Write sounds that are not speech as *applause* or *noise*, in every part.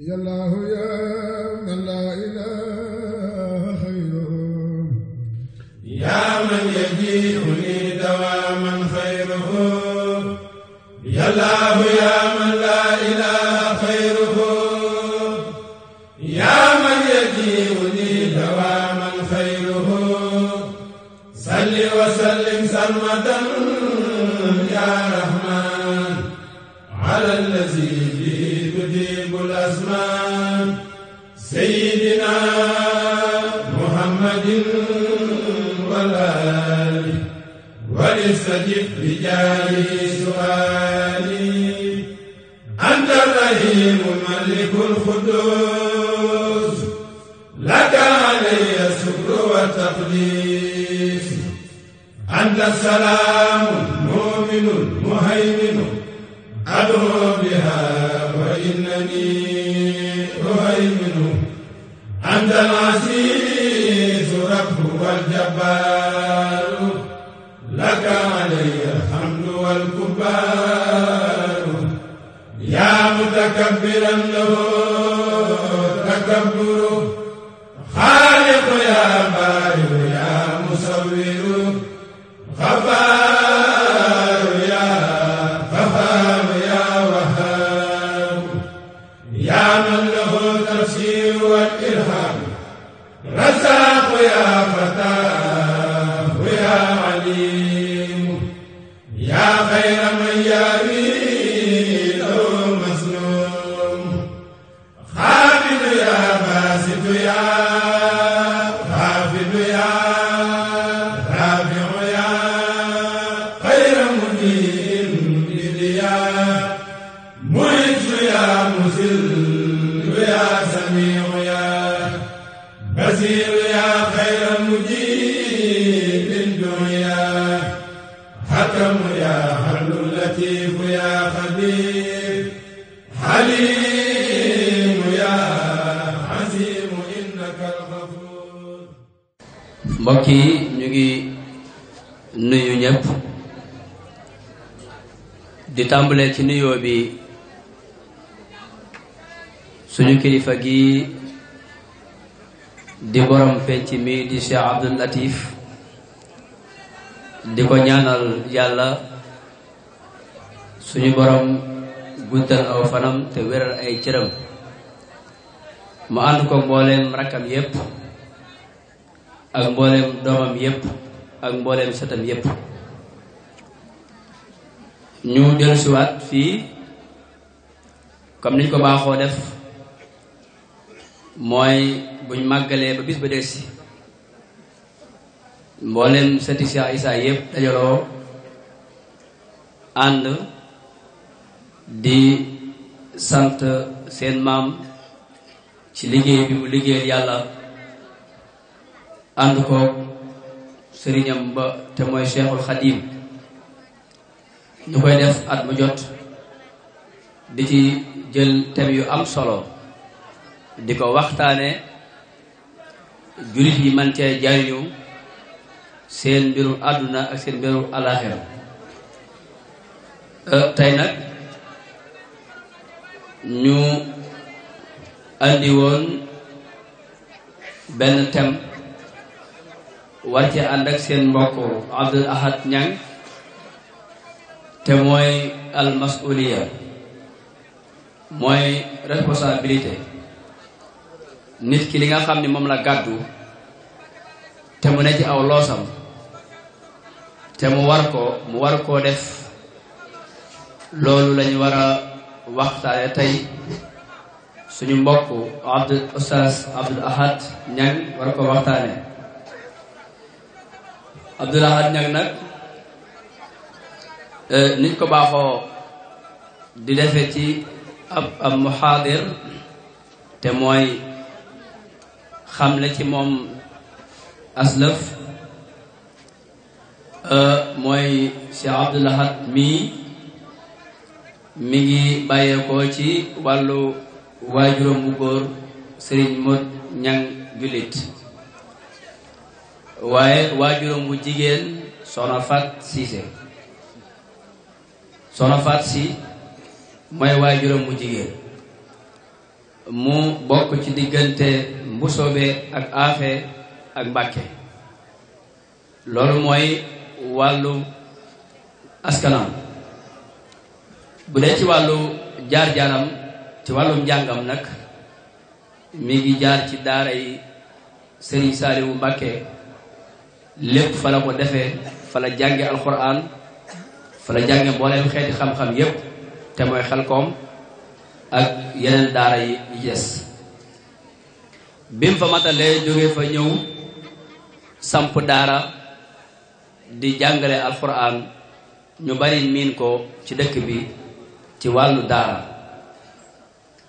يا الله يا من لا إله فاستجب بجاهي سؤالي أنت الرحيم الملك القدوس لك علي الشكر والتقديس أنت السلام المؤمن المهيمن أدعو بها وإنني ci nuyoo bi suñu kilifa gi di borom penc mi di Cheikh Abdou Latif di ko ñaanal yàlla suñu borom guddal aw fanam te wéral ay cëram mu ànd ko mbooleem rakkam yépp ak mbooleem doomam yépp ak mbooleem sëtam yépp ñu dellusiwaat fii comme niñ ko baaxoo def mooy buñ màggalee ba bis ba des si mboolem sëti Cheikh Issa yëpp dajaloo ànd di sant seen maam ci liggéey bi mu liggéeyal yàlla ànd ko sëriñam ba te mooy Cheikhul Khadim ñu koy def at mu jot di ci jël thème yu am solo di ko waxtaane jullit yi man cee jariñu seen mbirum àdduna ak seen mbirum alaaxira euh, tey nag ñu andi woon benn thème wàcce ànd ak seen mbokk Abdul Ahad Ñang te mooy almasuliya mooy responsabilité nit ki li nga xam ni moom la gàddu te mu ne ci aw loosam te mu war ko mu war koo def loolu lañu war a waxtaane tey suñu mbokk abdul ustaas ahad ñang war ko waxtaane abdul ahad ñang nag Euh, niñ ko baaxoo di defee ci ab ab muxaadir te mooy na ci moom aslëf euh, mooy Cheikh Abdou Lahad mii mi ngi bàyyeekoo ci wàllu waajuram bu góor sëriñ mot ñang julit waaye waajuram bu jigéen soxna Fat Cissé soxna Faat si mooy waajuram mu jigéen mu bokk ci diggante mbusoobe ak aafe ak mbàkke loolu mooy wàllu askanam bu dee ci wàllu jaar-jaaram ci wàllum njàngam nag mi ngi jaar ci daara yi Sëriñ Saaliwu Mbàkke lépp fa la ko defee fa jànge alxuraan fa la jànge mbooleem xeeti xam-xam yépp te mooy xelkoom ak yeneen daara yi yi bi mu fa matalee jóge fa ñëw samp daara di jàngale alquran ñu bari miin ko ci dëkk bi ci wàllu daara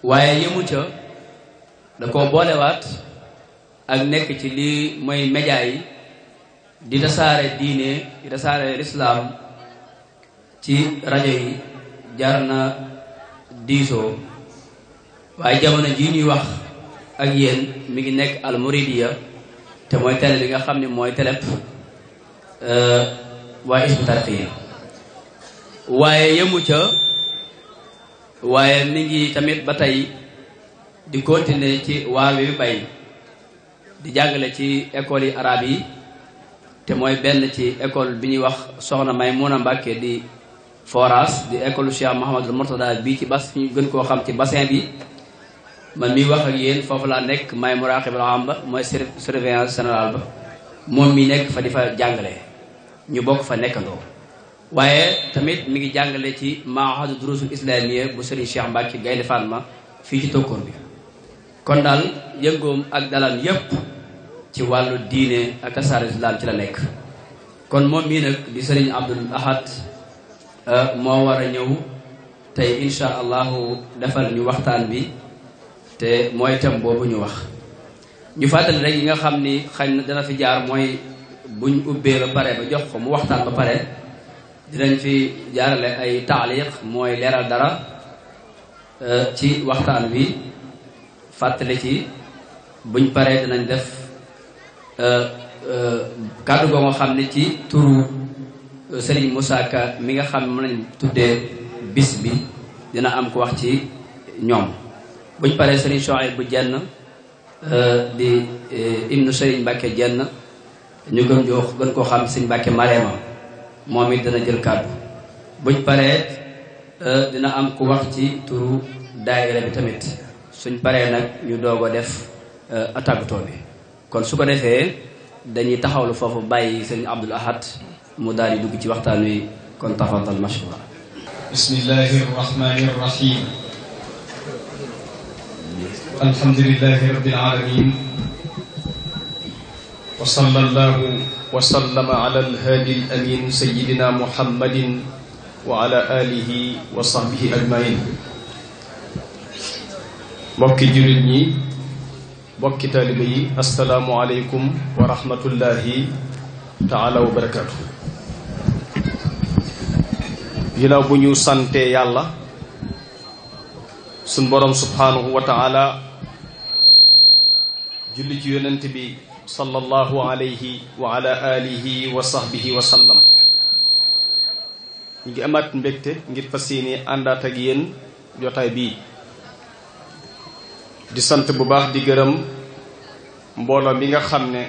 waaye yëmu ca da ko boolewaat ak nekk ci lii mooy média yi di tasaare diine di tasaare lislaam ci rajo yi jaar na diisoo waaye jamono ji ñuy wax ak yéen mi ngi nekk al muridiya te mooy télé bi nga xam ne mooy télép euh, waaye isbu tarqiya waaye yemu ca waaye mi ngi tamit ba tey di continuer ci waar wi bay di jàngale ci école yi arabe yi te mooy benn ci école bi ñuy wax soxna Maymuna Mbàkke di forage di école Cheikh Mouhamadul Mourtada bi ci bas fi ñu gën koo xam ci bassin bi ma mi wax ak yéen foofu laa nekk may muraqibal am ba mooy surveillance générale ba moom mi nekk fa di fa jàngale ñu bokk fa nekkandoo waaye tamit mu ngi jàngale ci ma mahadu durusul islamiyya bu Serigne Cheikh Mbacke Gaynde ma fii ci tokkoor bi kon daal yëngoom ak dalam yépp ci wàllu diine ak asaar islam ci la nekk kon moom mii nag di Serigne Abdoul Ahad Euh, moo war a ñëw tey insha allahu defal ñu waxtaan bi te mooy thème boobu ñu wax ñu fàttali rek yi nga xam ni xañ na dana fi jaar mooy buñ ubbee ba pare ba jox ko mu waxtaan ba pare dinañ fi jaarale ay taaliq mooy leeral dara euh, ci waxtaan wi fàttali ci buñ pare dinañ def euh, kàddu goo nga xam ne ci turu Serigne Moussa Ka mi nga xam mën nañ tuddee bis bi dina am ko wax ci ñoom buñ paree Serigne Chouaib bu jenn euh, di euh, ibnu Serigne Mbacke jenn ñu gën joo gën koo xam Serigne Mbacke ma moom it dana jël kàddu buñ paree euh, dina am ku wax ci turu daayira bi tamit suñ paree nag ñu doog a def atagutoo bi kon su ko defee dañuy taxawlu foofu bàyyi Serigne Abdoul Ahad mu daal di dugg ci waxtaan wi kon tafadal mashkura bismillahi rahmani rahim alhamdulilahi rabbil alamin wa sallallahu wa sallama ala alhaadi alamin sayidina muhammadin wa ala alihi wa sahbihi ajmain mbokki jullit ñi mbokki taaliba yi asalaamualeykum wa rahmatullahi taala wa barakaatu ginnaaw bu ñu santee yàlla suñ boroom subhaanahu wa taala julli ci yonent bi sallallahu alayhi wa ala alihi wa sahbihi wa sallam ñu ngi amaat mbégte ngir fas yéene àndaat ak yéen jotaay bii di sant bu baax di gërëm mbooloo bi nga xam ne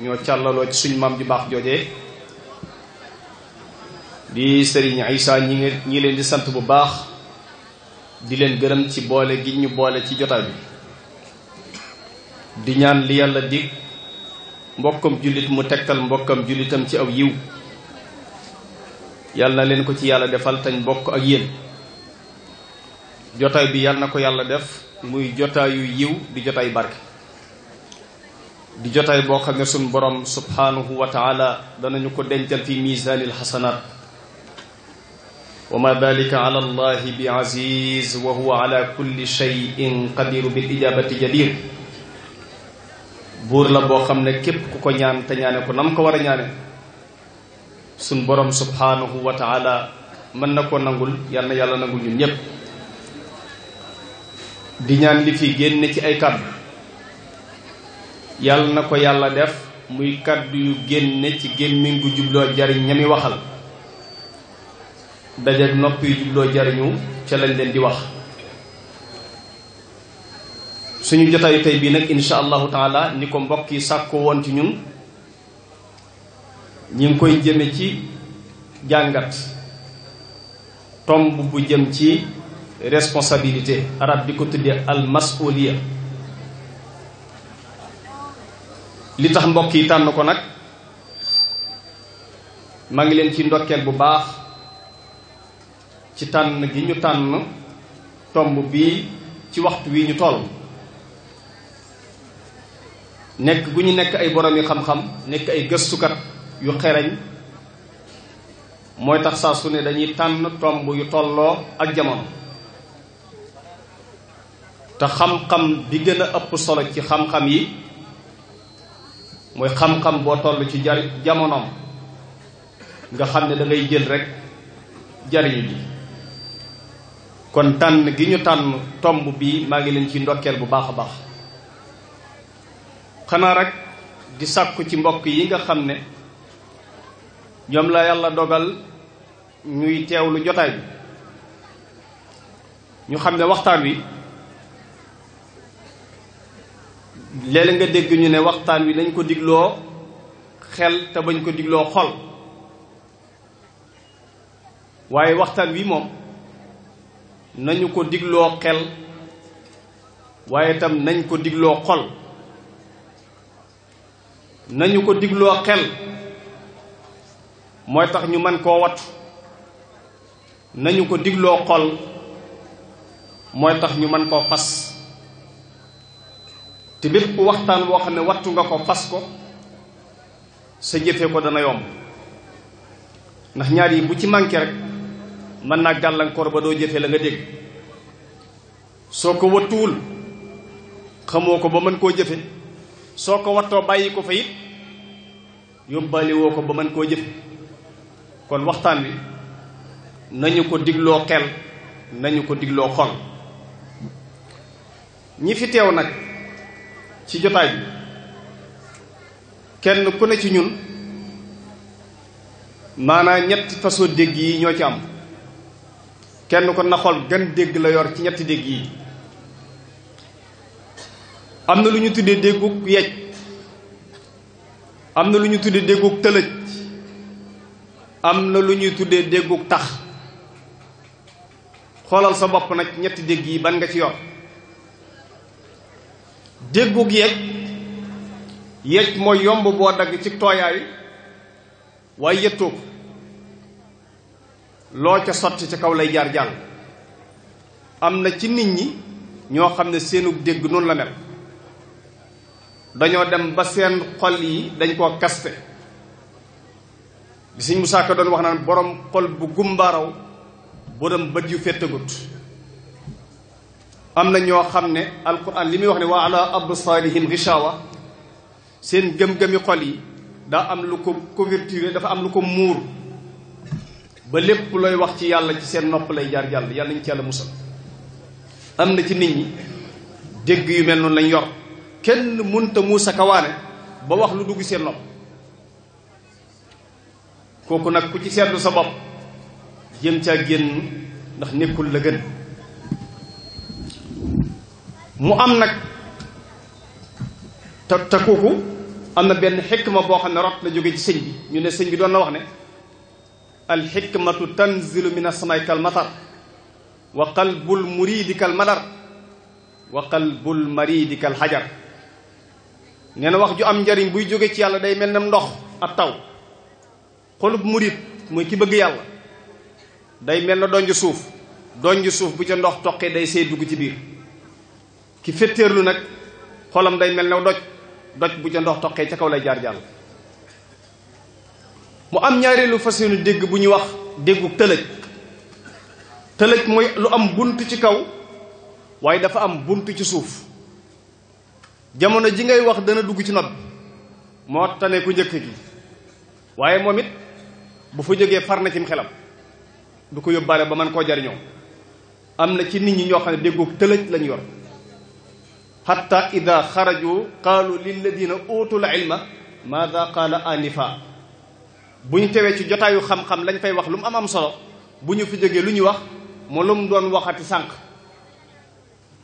ñoo càllaloo ci suñ maam ju baax joojee di sëriñ Aïssa ñi ngi ñi leen di sant bu baax di leen gërëm ci boole gi ñu boole ci jotaay bi di ñaan li yàlla dig mbokkam jullit mu tekkal mbokkam jullitam ci aw yiw yàlla na leen ko ci yàlla defal tañ bokk ak yéen jotaay bi yàlla na ko yàlla def muy jotaayu yiw di jotaay barke di jotaay boo xam ne suñ borom subhanahu wa taala ko dencal fi misaanil xasanaat wa ma dalika ala allahi bi aziz wa huwa ala kulli shay'in qadiru bil ijabati jadir buur la boo xam ne képp ku ko ñaan te ñaane ko nam ko war a ñaane suñ borom subhanahu wa taala mën na koo nangul yal yàlla nangul ñun ñépp di ñaan li fi génn ci ay kàddu yal na ko yàlla def muy kàddu yu génne ci gémmiñ gu jubloo jariñ ñami waxal dajeeg nopp yu jubloo jariñu ca lañ leen di wax suñu jotaayu bii nag insha allahu taala ni ko mbokk yi sàkkoo woon ci ñun ñi ngi koy jëme ci jàngat tomb bu jëm ci responsabilité arab di ko tuddee al masuliya li tax mbokk yi tànn ko nag maa ngi leen ci ndokkeel bu baax ci tànn gi ñu tànn tomb bii ci waxtu wi ñu toll nekk gu ñu nekk ay boroom yi xam-xam nekk ay gëstukat yu xereñ mooy tax saa su ne dañuy tànn tomb yu tolloo ak jamono te xam-xam bi gën a ëpp solo ci xam-xam yi mooy xam-xam boo toll ci jar jamonoom nga xam ne da ngay jël rekk jariñu ji kon tànn gi ñu tànn tomb bii maa ngi leen ci ndokkeel bu baax a baax xanaa rek di sàkku ci mbokk yi nga xam ne ñoom la yàlla dogal ñuy teewlu jotaay bi ñu xam ne waxtaan wi léeg nga dégg ñu ne waxtaan wi nañ ko digloo xel te bañ ko digloo xol waaye waxtaan wi moom nañu ko digloo xel waaye itam nañ ko digloo xol nañu ko digloo xel mooy tax ñu mën koo wattu nañu ko digloo xol mooy tax ñu mën koo pas te bépp waxtaan woo xam ne wattu nga ko fas ko sa jëfee ko dana yomb ndax ñaar yi bu ci manqué rek mën naa gàllankoor ba doo jëfee la nga dégg soo ko wattuwul xamoo ko ba mën koo jëfe soo ko wattoo bàyyi ko fa it yóbbaale woo ko ba mën koo jëfe kon waxtaan wi nañu ko digloo xel nañu ko digloo xol ñi fi teew nag ci jotaay bi kenn ku ne ci ñun maanaam ñett façon dégg yi ñoo ci am kenn ko na xool gan dégg la yor ci ñetti dégg yi am na lu ñu tuddee dégguk yej am na lu ñu tuddee dégguk tëlëj am na lu ñuy tuddee dégguk tax xoolal sa bopp nag ñetti dégg yi ban nga ci yor dégguk yej yej mooy yomb boo dagg ci tooyaay waaye yettoo ko loo ca sotti ca kaw lay jaar jàll am na ci nit ñi ñoo xam ne seenu dégg noonu la mel dañoo dem ba seen xol yi dañ koo kaste bi Sëñ Musaa doon wax naan borom xol bu gumbaaraw borom bët yu fettagut am na ñoo xam ne alquran li muy wax ne wa ala absaarihim gishawa seen gëm-gëmi xol yi daa am lu ko couverture dafa am lu ko muur ba lépp looy wax ci yàlla ci seen nopp lay jaar jàll yàlla nañ ci yàlla musal am na ci nit ñi dégg yu mel noonu lañ yor kenn munta muusa kawaane ba wax lu dugg seen nopp kooku nag ku ci seetlu sa bopp jëm caa génn ndax nekkul la gën mu am nag te te kooku am na benn xikma boo xam ne rot la jóge ci sëñ bi ñu ne sëñ bi doon na wax ne alxikmatu tanzilu min assamay kal matar wa qalbul muriidi madar wa qalbul mariidi xajar nee wax ju am njariñ buy jóge ci yàlla day mel ne ndox ab taw xolub mooy ki bëgg yàlla day mel ne donj suuf donj suuf bu ca ndox toqee day seey dugg ci biir ki fetteerlu nag xoolam day mel ne doj doj bu ca ndox toqee ca kaw lay jaar jàll mu am ñaareelu fas yéenu dégg bu ñuy wax déggu tëlëj tëlëj mooy lu am bunt ci kaw waaye dafa am bunt ci suuf jamono ji ngay wax dana dugg ci nopp moo tane ku njëkk gi waaye moom it bu fa jógee far na cim xelam du ko yóbbaale ba mën koo jariñoo am na ci nit ñi ñoo xam ne déggu tëlëj lañ yor xatta ida xaraju qaalu lilladina utul ilma maada qaala anifa bu ñu tewee ci jotaayu xam-xam lañ fay wax lu mu am am solo bu ñu fi jógee lu ñuy wax moo lu mu doon waxati sànq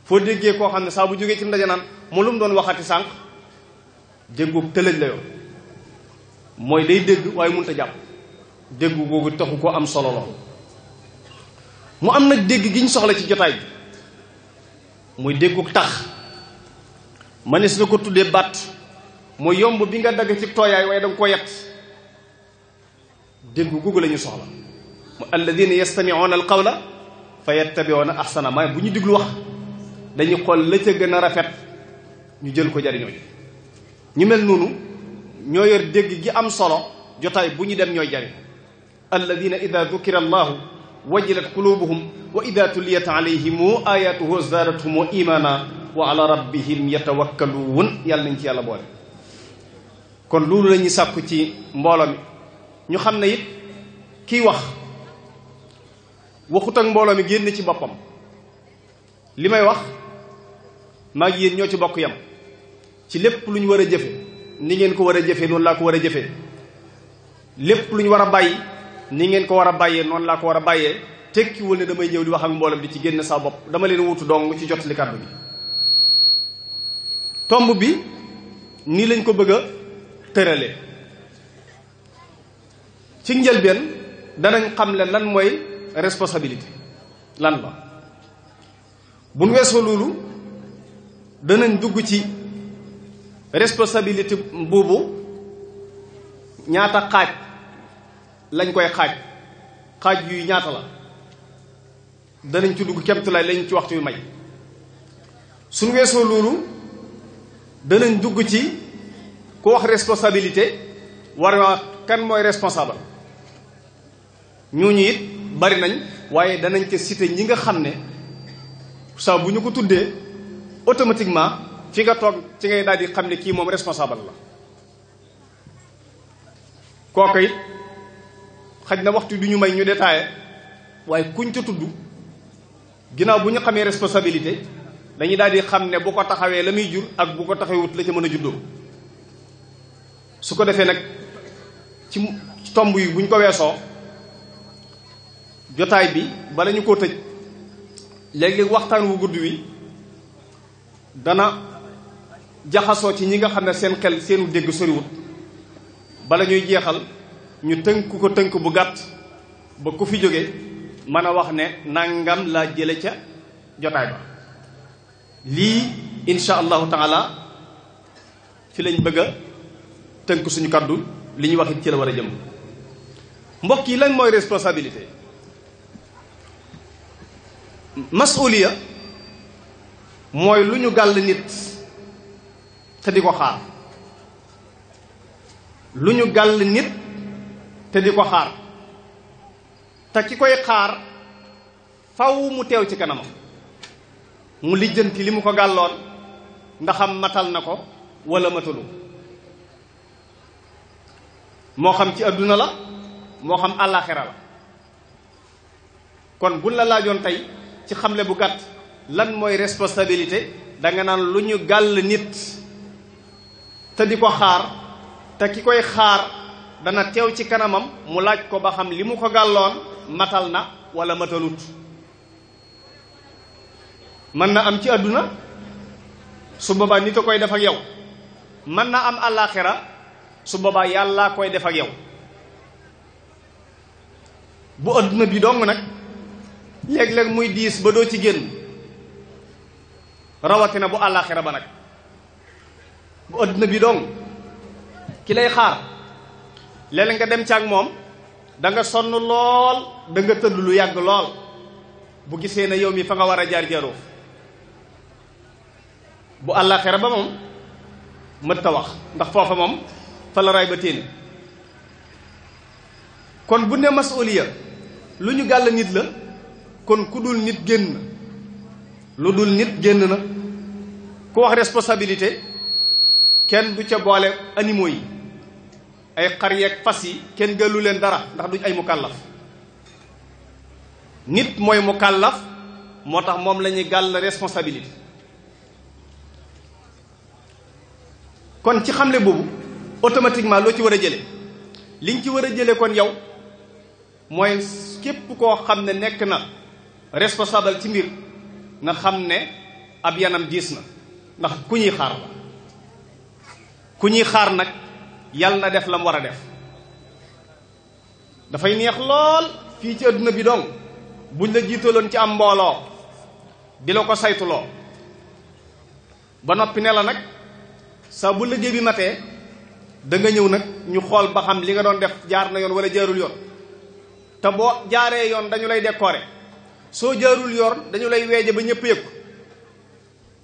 foo déggee koo xam ne saa bu jógee ci ndaje naan moo lu mu doon waxati sànq déggoog tëlëj la yoon mooy day dégg waaye mënut jàpp dégg googu taxu ko am solo lool mu am nag dégg gi ñu soxla ci jotaay bi mooy déggug tax manis na ko tuddee baat mooy yomb bi nga dagg ci tooyaay waaye danga ko yett dénku googu la ñu soxla mu alladina yastamiuuna al qawla fa yattabiuuna ahsana maay bu ñu diglu wax dañu xool la ca gën a rafet ñu jël ko jariñoo ji ñu mel noonu ñoo yor dégg ji am solo jotaay bu ñu dem ñooy jariñ alladina ida dukira allahu wajilat qulubuhum wa ida tuliyat alayhim ayatuhu zaadathum wa imana wa ala rabbihim yatawakkaluun yàlla ci yàlla boole kon loolu la ñuy sàkku ci mbooloo ñu xam na it kiy wax waxut ak mbooloo mi génn ci boppam li may wax maa ngi yéen ñoo ci bokk yam ci lépp lu ñu war a jëfe ni ngeen ko war a jëfee noonu laa ko war a jëfee lépp lu ñu war a bàyyi ni ngeen ko war a bàyyee noonu laa ko war a bàyyee tekkiwul ne damay jëw di wax ak mbooloo bi ci génn saa bopp dama leen wutu dong ci jotali kàddu bi tomb bi nii lañ ko bëgg a tërale ci njëlbeen danañ xam le lan mooy responsabilité lan la bu nu weesoo loolu danañ dugg ci responsabilité boobu ñaata xaaj lañ koy xaaj xaaj yuy ñaata la danañ ci dugg lay lañ ci waxtu yu may suñ weesoo loolu danañ dugg ci ku wax responsabilité war wax kan mooy responsable ñooñu it bari nañ waaye danañ ca cité ñi nga xam ne saa bu ñu ko tuddee automatiquement fi nga toog ci ngay daal xam ne kii moom responsable la kooku it xaj na waxtu du ñu may ñu détaillé waaye kuñ ca tudd ginnaaw bu ñu xamee responsabilité dañuy daal di xam ne bu ko taxawee la muy jur ak bu ko taxawut la ca mën a juddoo su ko defee nag ci tomb yi buñ ko weesoo jotaay bi bala ñu koo tëj léeg waxtaan wu gudd wi dana jaxasoo ci ñi nga xam ne seen xel seenu dégg soriwut bala ñuy jeexal ñu tënk ko tënk bu gàtt ba ku fi jóge mën a wax ne nangam laa jële ca jotaay ba lii insha allahu taala fi lañ bëgg a tënk suñu kàddu li ñuy wax ci la war a jëm mbokk yi lañ mooy responsabilité masuliya mooy lu ñu gall nit te di ko xaar lu ñu gàll nit te di ko xaar te ki koy xaar faw mu teew ci kanamam mu lijjanti li mu ko gàlloon ndaxam matal na ko walla matalu moo xam ci adduna la moo xam àllaaxira la kon buñ la laajoon tey ci xamle bu gàtt lan mooy responsabilité danga naan lu ñu gàll nit te di ko xaar te ki koy xaar dana teew ci kanamam mu laaj ko ba xam li mu ko gàlloon matal na wala matalut mën na am ci àdduna su boobaa nit a koy def ak yow mën na am àllaaxira su boobaa yàllaa koy def ak yow bu àdduna bi dong nag léeg-léeg muy diis ba doo ci génn rawatina bu àllaaxira ba nag bu adduna bi dong ki lay xaar léeg nga dem ci ak moom danga nga sonn lool da nga tëdd lu yàgg lool bu gisee ne yow mi fa nga war a jaar jaroof bu àllaaxira ba moom mët wax ndax foofa moom fa la ray ba téen kon bu ne masuliya lu ñu gàll nit la kon ku dul nit génn lu dul nit génn na ku wax responsabilité kenn du ca boole animaux yi ay xar yeeg fas yi kenn gëllu leen dara ndax duñ ay mukallaf nit mooy mukallaf moo tax moom lañuy ñuy gàll responsabilité kon ci xamle boobu automatiquement loo ci war a jële liñ ci war a jële kon yow mooy képp koo xam ne nekk na responsable ci mbir na xam ne ab yanam diis na ndax ku ñuy xaar la ku ñuy xaar nag yàlla na def la mu war a def dafay neex lool fii ci adduna bi dong buñ la jiitoo loon ci am mbooloo di la ko saytuloo ba noppi ne la nag saa la liggéey bi matee da ñëw nag ñu xool ba xam li nga doon def jaar na yoon wala jaarul yoon te boo jaaree yoon dañu lay décorer soo jaarul yoon dañu lay weeje ba ñépp yëg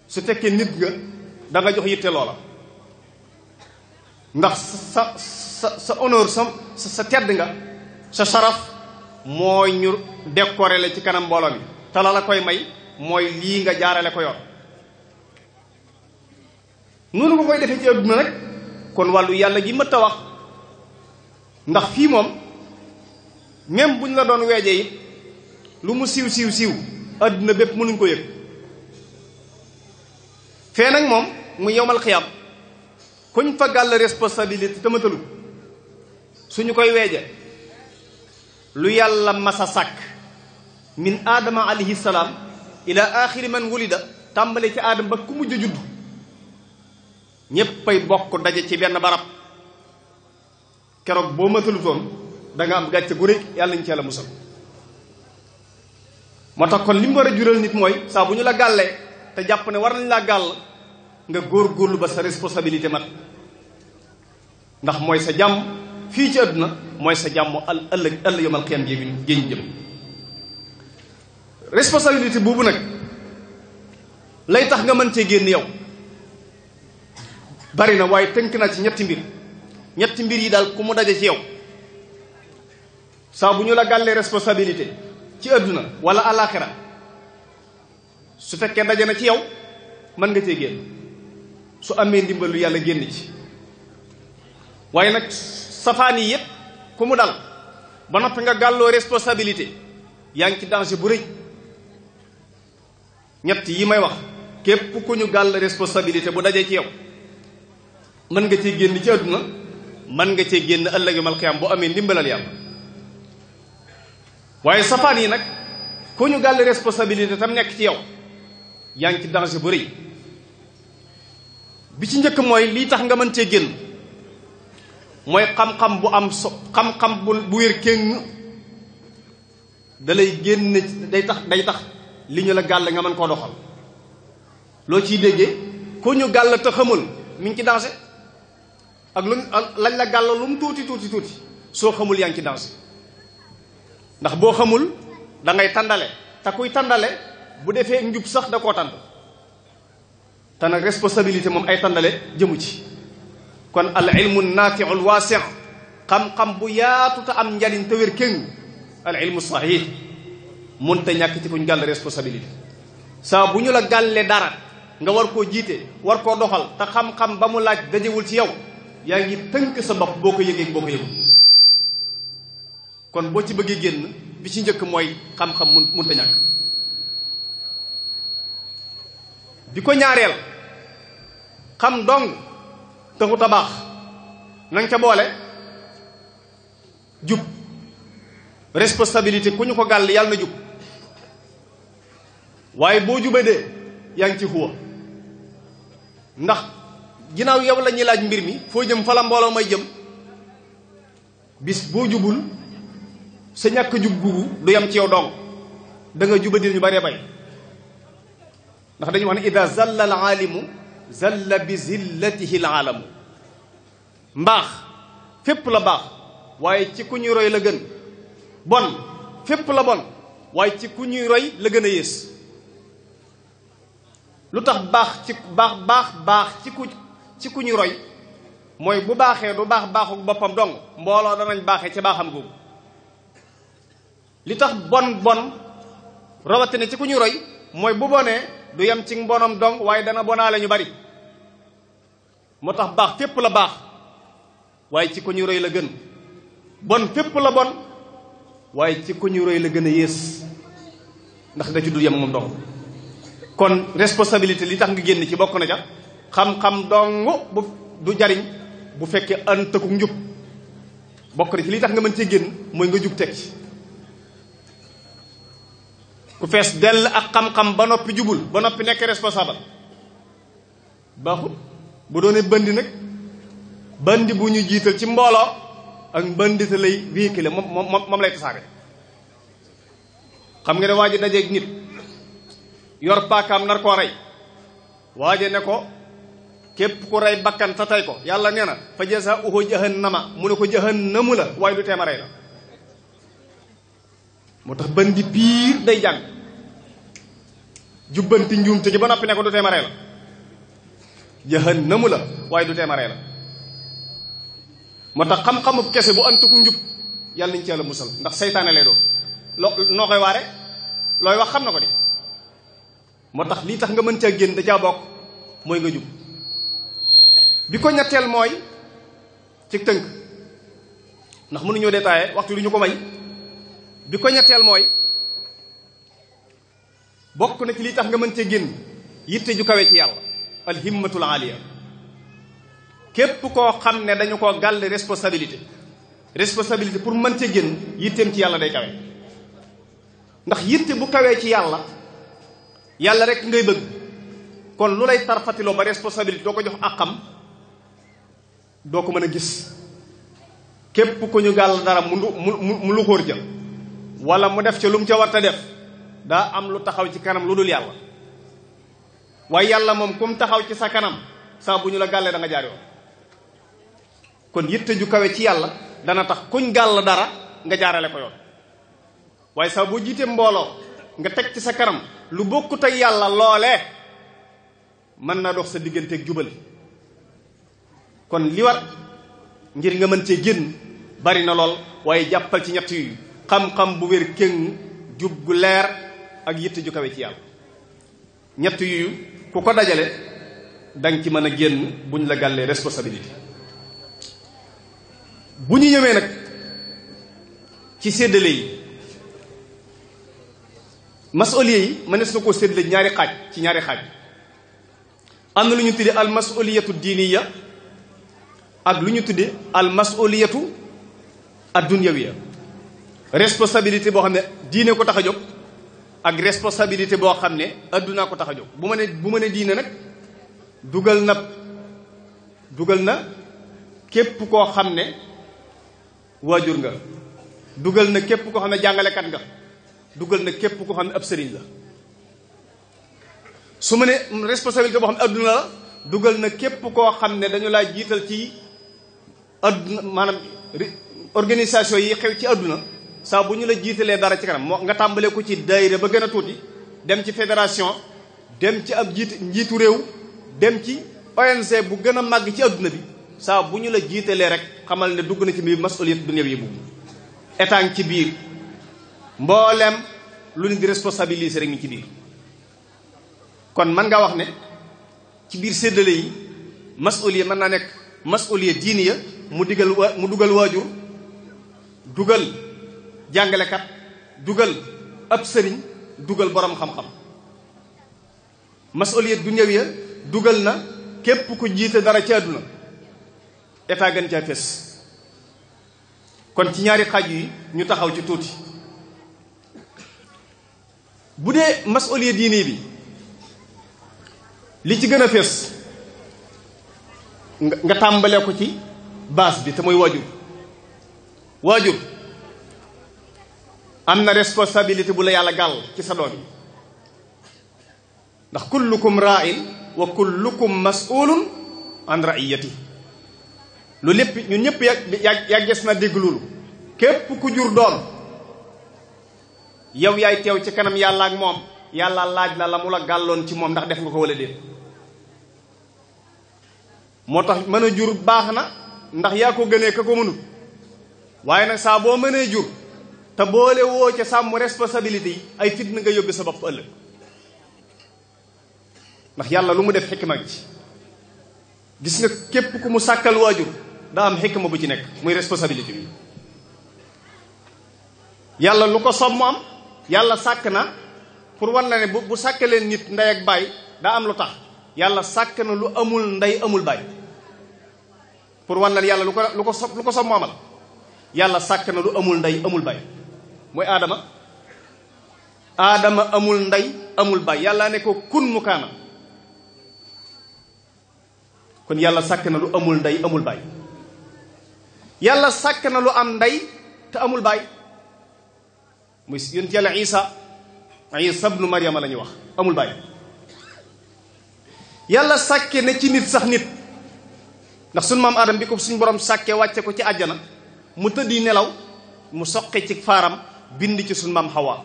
su tekkee nit nga danga nga jox yitte loola ndax sa sa sa honneur sa sa tedd nga sa saraf moo ñu décoré la ci kanam mbooloo mi te la koy may mooy lii nga jaarale ko yoon noonu nga koy defee ci adduna nag kon wàllu yàlla gi mëtt a wax ndax fii moom même buñ la doon weeje it lu mu siiw siiw siiw àddina bépp mënuñ ko yëg fee nag moom mu yowmal xiyam kuñ fa gàll responsabilité tamatalu suñu koy weeje lu yàlla masa sàkk min aadama alayhi salaam ila axiri man wulida tàmbale ci aadam ba ku mujj judd ñéppay bokk daje ci benn barab keroog boo matalutoon da nga am gàcce gu rëy yàlla ñu ci yàlla musal moo tax kon li war a jural nit mooy saa bu ñu la gàllee te jàpp ne war nañ laa gàll nga góor góorlu ba sa responsabilité mat ndax mooy sa jàmm fii ci àdduna mooy sa jàmm al ëllëg ëllëg yomal xiyam gi géñ jëm responsabilité boobu nag lay tax nga mën cee génn yow bari na waaye tënk naa ci ñetti mbir ñetti mbir yi daal ku mu daje ci yow saa bu ñu la gàllee responsabilité ci àdduna wala alaxira su fekkee daje na ci yow mën nga cee génn su amee ndimbalu yàlla génn ci waaye nag safaan yi yépp ku mu dal ba noppi nga gàlloo responsabilité yaa ngi ci danger bu rëy ñett yi may wax képp ku ñu gàll responsabilité bu dajee ci yow mën nga cee génn ci àdduna mën nga cee génn ëllëg mal xiyaam bu amee ndimbalal yàlla waaye safaan yi nag koo ñu gàll responsabilité tam nekk ci yow yaa ngi ci danger bu rëy bi ci njëkk mooy lii tax nga mën cee génn mooy xam-xam bu am so xam-xam bu bu wér kenn da lay génn day tax day tax li ñu la gàll nga man koo doxal loo ciy déggee koo ñu gàll te xamul mi ngi ci danger ak lu lañ la gàll lu mu tuuti tuuti tuuti soo xamul yaa ngi ci ndax boo xamul da ngay tàndale te kuy tàndale bu defee njub sax da koo tànd te moom ay tàndale jëmu ci kon al ilmu naatiul waasi xam-xam bu yaatu te am njariñ te wér kéng al ilmu sahih mun te ñàkk ci kuñ gàll responsabilité saa bu ñu la gàllee dara nga war koo jiite war koo doxal te xam-xam ba mu laaj dajewul ci yow yaa ngi tënk sa bopp boo ko yëgee boo ko kon boo ci bëggee génn bi ci njëkk mooy xam-xam mun munta ñàkk bi ko ñaareel xam dong taxut a baax nanga boole jub responsabilité ku ñu ko gàll yàlla na jub waaye boo jubee de yaa ngi ci xuwa ndax ginnaaw yow la ñuy laaj mbir mi foo jëm fa mbooloo may jëm bis boo jubul sa ñàkk jub gugu du yam ci yow dong da nga juba dil ñu bëree bay ndax dañuy wax na ida zalla al aalimu zalla bi zillatihi al aalamu mbaax fépp la baax waaye ci ku ñuy roy la gën bon fépp la bon waaye ci ku ñuy roy la gën a yées lu tax baax ci baax baax baax ci ku ci ku ñuy roy mooy bu baaxee du baax baaxu boppam dong mbooloo danañ baaxee ci baaxam googu li tax bon bon rawatina ci ku ñu roy mooy bu bonee du yem ci mbonom dong waaye dana bonaale ñu bari moo tax baax fépp la baax waaye ci ku ñu roy la gën bon fépp la bon waaye ci ku ñu roy la gën a yées ndax da ci du yem moom dong kon responsabilité li tax nga génn ci bokk na ca xam-xam dong bu du jariñ bu fekkee ëntëku njub bokk na ci li tax nga mën cee génn mooy nga jub teg ci ku fees dell ak xam-xam ba noppi jubul ba noppi nekk responsable baaxul bu doonee bëndi nag bandi bu ñu jiital ci mbooloo ak bandita lay véhiculé moom tasaare xam nga ne waa ji dajeeg nit yor paakaam nar koo rey waa ne ko képp ku rey bakkan ta tey ko yàlla nee na fa jasa uho jahannama mu ne ko jahannamu la waaye du teema na la moo tax bandi piir day jàng jubbanti njuumte ji ba noppi ne ko du teema ree la jahannamu la waaye du teema ree la moo tax xam-xamub kese bu antuku njub yàlla nañ ci yàlla musal ndax seytaane lay doon loo noo koy waare looy wax xam na ko di moo tax lii tax nga mën caa génn da caa bokk mooy nga jub bi ko ñetteel mooy ci tënk ndax mënuñoo détaillé waxtu lu ñu ko may bi ko ñetteel mooy bokk na ci li tax nga mën cee génn yitte ju kawe ci yàlla alhimmatul aaliya képp koo xam ne dañu koo gàll responsabilité responsabilité pour mën cee génn yitteem ci yàlla day kawe ndax yitte bu kawee ci yàlla yàlla rek ngay bëgg kon lu lay tarfatiloo ba responsabilité doo ko jox àqam doo ko mën a gis képp ku ñu gàll dara mu mu mu luxóor ja wala mu def ca lu mu ca war ta def daa am lu taxaw ci kanam lu dul yàlla waaye yàlla moom kum taxaw ci sa kanam saa bu ñu la gàllee danga nga jaar yoon kon yitte ju kawe ci yàlla dana tax kuñ gàll dara nga jaarale ko yoon waaye saa boo jiite mbooloo nga teg ci sa kanam lu bokkut ak yàlla loole mën naa dox sa diggante ak jubal kon li war ngir nga mën cee génn bari na lool waaye jàppal ci ñett yu xam-xam bu wér kéng jub gu leer ak yitte ju kawe ci yàlla ñett yu ku ko dajale danga ci mën a génn buñ la gàllee responsabilité bu ñu ñëwee nag ci séddale yi masoliye yi mënees na ko séddale ñaari xaaj ci ñaari xaaj am na lu ñu tudde al masoliyatu ya ak lu ñu tudde al masoliyatu ad ya responsabilité boo xam ne diine ko tax a jóg ak responsabilité boo xam ne àdduna ko tax a jóg bu ma ne bu ma ne diine nag dugal na dugal na képp koo xam ne waajur nga dugal na képp koo xam ne jàngalekat nga dugal na képp koo xam ne ab sëriñ la su ma ne ne adduna dugal na képp koo xam ne dañu laa jiital ci adduna maanaam organisation yi xew ci àdduna saa bu ñu la jiitalee dara ci kanam moo nga tàmbalee ko ci daayira ba gën a tuuti dem ci fédération dem ci ab jiit njiitu réew dem ci ONG bu gën a màgg ci àdduna bi saa bu ñu la jiitalee rek xamal ne dugg na ci biir masuliyat dunya yi boobu état ngi ci biir mboolem lu rek mi ci biir kon mën nga wax ne ci biir séddale yi masuliya mën naa nekk masuliya diini ya mu digal mu dugal waajur dugal jàngalekat dugal ab sëriñ dugal borom xam-xam masuliyat dunyawiyya dugal na képp ku jiite dara ci àdduna état gën caa fés kon ci ñaari xaaj yi ñu taxaw ci tuuti bu dee yi nii bi li ci gën a fés nga tàmbalee ko ci baas bi te mooy waajur waajur am na responsabilité bu la yàlla gàll ci sa doom yi ndax kullukum ra'in wa kullukum mas'ulun an ra'iyati lu lépp ñun ñëpp ya yàggees na dégg loolu képp ku jur doom yow yaay teew ci kanam yàlla ak moom yàlla laaj la la mu la gàlloon ci moom ndax def nga ko walla déet moo tax mën a jur baax na ndax yaa ko gënee ka ko waaye nag saa boo mënee jur te boole woo ca sàmm responsabilité yi ay fitna nga yóbbi sa bopp ëllëg ndax yàlla lu mu def xikma gi ci gis nga képp ku mu sàkkal waajur daa am xikma bu ci nekk muy responsabilité yàlla lu ko sob mu am yàlla sàkk na pour wan na ne bu bu sàkkaleen nit ndey ak baay daa am lu tax yàlla sàkk na lu amul nday amul baay pour wan na yàlla lu ko lu ko sob lu ko sob mu amal yàlla sàkk na lu amul nday amul baay mooy aadama aadama amul ndey amul baay yàlla ne ko kun kon yàlla sàkk na lu amul ndey amul baay yàlla sàkk na lu am ndey te amul baay muy yonent yàlla isa isa ibnu maryama la ñuy wax amul baay yàlla sàkke na ci nit sax nit ndax suñ maam aadama bi ko suñ borom sàkkee wàcce ko ci àjjana mu tëddi nelaw mu soqe ci faaram bind ci suñ maam Hawa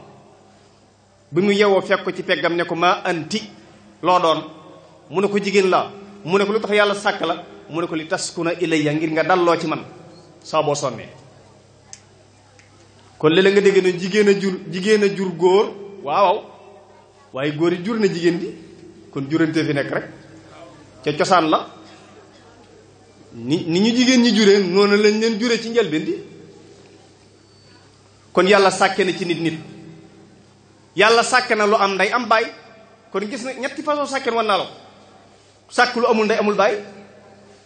bi mu yewoo fekk ko ci peggam ne ko maa anti loo doon mu ne ko jigéen la mu ne ko lu tax yàlla sàkk la mu ne ko li tas taskuna ilayya ngir nga dalloo ci man saa boo sonnee kon léeg nga dégg ne jigéen a jur jigéen a jur góor waaw waaye góor yi jur na jigéen di kon jurante fi nekk rek ca cosaan la ni ni ñu jigéen ñi jure noonu lañ leen jure ci njëlbeen di kon yàlla sàkke na ci nit nit yàlla sàkke na lu am nday am baay kon gis na ñetti façon sàkken wan naa sàkk lu amul nday amul baay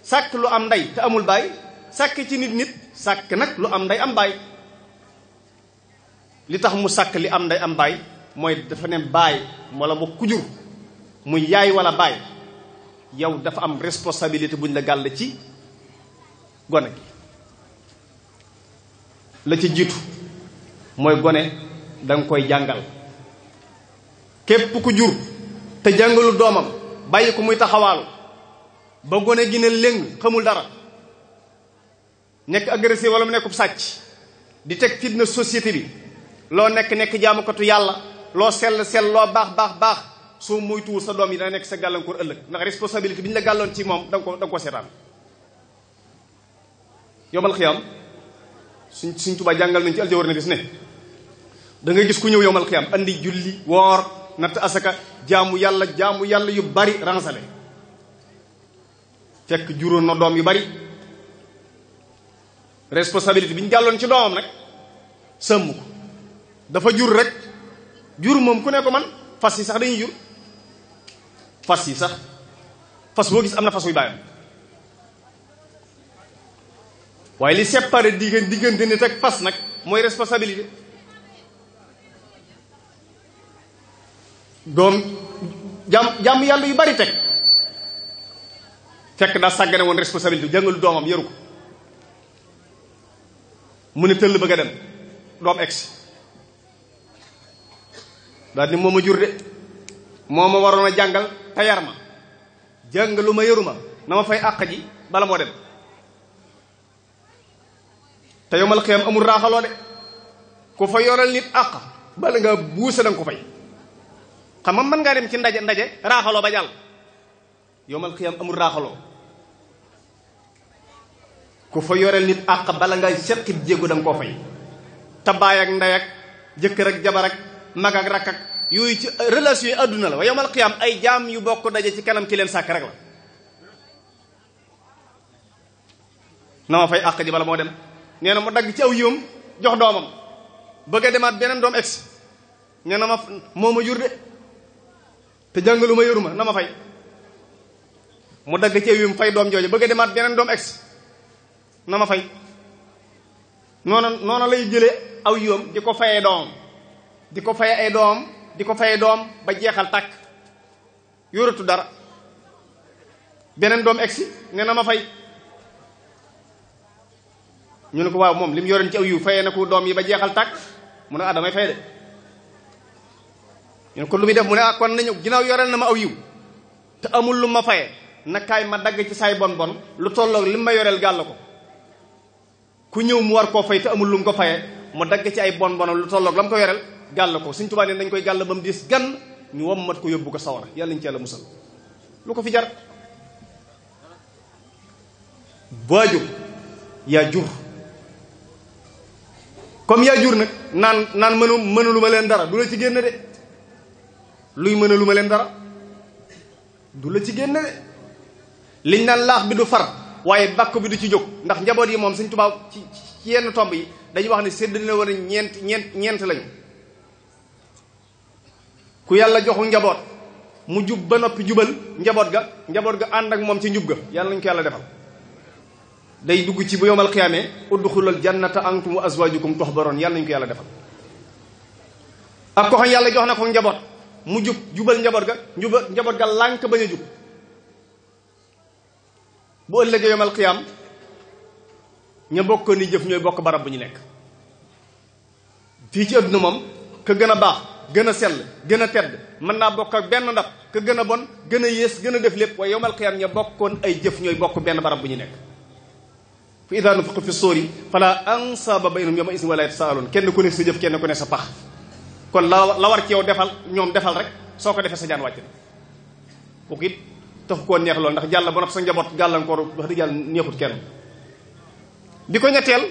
sàkk lu am nday te amul baay sàkk ci nit nit sàkk nag lu am nday am baay li tax mu sàkk li am nday am baay mooy dafa ne baay wala mu kujur muy yaay wala baay yow dafa am responsabilité buñ la gàll ci gone gi la ci jiitu mooy gone da nga koy jàngal képp ku jur te jàngalu doomam bàyyi ko muy taxawaalu ba gone gi ne léng xamul dara nekk agressif wala mu nekkub sàcc di teg fitna société bi loo nekk nekk jaamukatu yàlla loo sell sell loo baax baax baax soo moytuwul sa doom yi dana nekk sa gàllankoor ëllëg ndax responsabilité bi ñu la gàlloon ci moom da nga ko da nga ko seetaan yomal suñ suñ jàngal nañ ci aljawar ne bis ne da nga gis ku ñëw yowmal xiyaam andi julli woor natt asaka jaamu yàlla jaamu yàlla yu bari ransale fekk juróon na doom yu bari responsabilité bi ñu jàlloon ci doomam nag sëmm ko dafa jur rek jur moom ku ne ko man fas yi sax dañuy jur fas yi sax fas boo gis am na fas wuy bàyyam waaye li séparé diggante diggante nit ak fas nag mooy responsabilité doom jàmm jàmm yàlla yu bari teg fekk daa sàggane woon responsabilité jàngalu doomam yaru ko mu ne tëll bëgg a dem doom egsi daal ni moo ma jur de moo ma waroon a jàngal te yar ma jàngalu ma yaru ma na ma fay àq ji bala moo dem te yomal xiyam amul raaxaloo de ku fa yoral nit àq bala nga buusa danga ko fay xam nga mën ngaa dem ci ndaje ndaje raaxaloo ba jàll yowmal xiyam amul raaxaloo ku fa yoreel nit àq bala ngay seqib jéego da nga koo fay tabaay ak ndey ak jëkkër ak jabar yooyu ci relation yi àdduna la wa yowmal xiyam ay jaam yu bokk daje ci kanam ki leen sàkk rek la na ma fay àq ji bala moo dem nee na mu dagg ci aw yiwam jox doomam bëgg a demaat beneen doom ex nee ma moo ma jur de te jàngalu ma yoruma na ma fay mu dagg ci wi mu fay doom jooju bëgg demaat beneen doom ex na ma fay noona noona lay jëlee aw yoom di ko fayee doom di ko fayee ay doom di ko fayee doom ba jeexal tàkk yoratu dara beneen doom egsi ne na ma fay ñu ne ko waaw moom li mu yoroon ci aw yiw fayee na ko doom yi ba jeexal tàkk mu ne ah fay de ñu ne ko lu muy def mu ne ah kon nañu ginnaaw yoreel na ma aw yiw te amul lu ma faye nakaay ma dagg ci saay bon bon lu tolloog li ma yoreel gàll ko ku ñëw mu war koo fay te amul lum ko faye mu dagg ci ay bon bonam lu tolloog la mu ko yoreel gàll ko suñ tubaab ne dañ koy gàll ba mu diis gan ñu wommat ko yóbbu ko sawara yàlla ñu ci yàlla musal lu ko fi jar waajur yaa jur comme yaa jur nag naan naan mënu mënulu ma leen dara du la ci génn de luy mën a lu ma leen dara du la ci génne de liñ naan laax bi du far waaye bàkk bi du ci jóg ndax njaboot yi moom Sëñ Tuubaa ci yenn tomb yi dañuy wax ne sédd na war a ñeent ñeent ñeent lañu ku yàlla joxu njaboot mu jub ba noppi jubal njaboot ga njaboot ga ànd ak moom ci njub ga yàlla nañu ko yàlla defal day dugg ci bu yomal xiyaamee udxulal jannata antum wa azwajukum tuhbaroon yàlla nañu ko yàlla defal ak ko xam yàlla jox na ko njaboot mu jub jubal njaboot ga njubal njaboot ga lànk bañ a jub bu ëllëgee yomal xiyaam ña bokkoon ni jëf ñooy bokk barab bu ñu nekk fii ci adduna moom ka gën a baax gën a sell gën a tedd mën naa bokk ak benn ndab ka gën a bon gën a yées gën a def lépp waaye yomal xiyaam ña bokkoon ay jëf ñooy bokk benn barab bu ñu nekk fa idaa nufiqa fi sóori fala ansaba baynahum yawma isin wala yatasaaluun kenn ku ne sa jëf kenn ku ne sa pax kon la la war ci yow defal ñoom defal rek soo ko defee sa jaan wàcc na kooku it taxu koo neex lool ndax jàll ba noppi sa njaboot gàllankoor wax dëgg yàlla neexut kenn ko ñetteel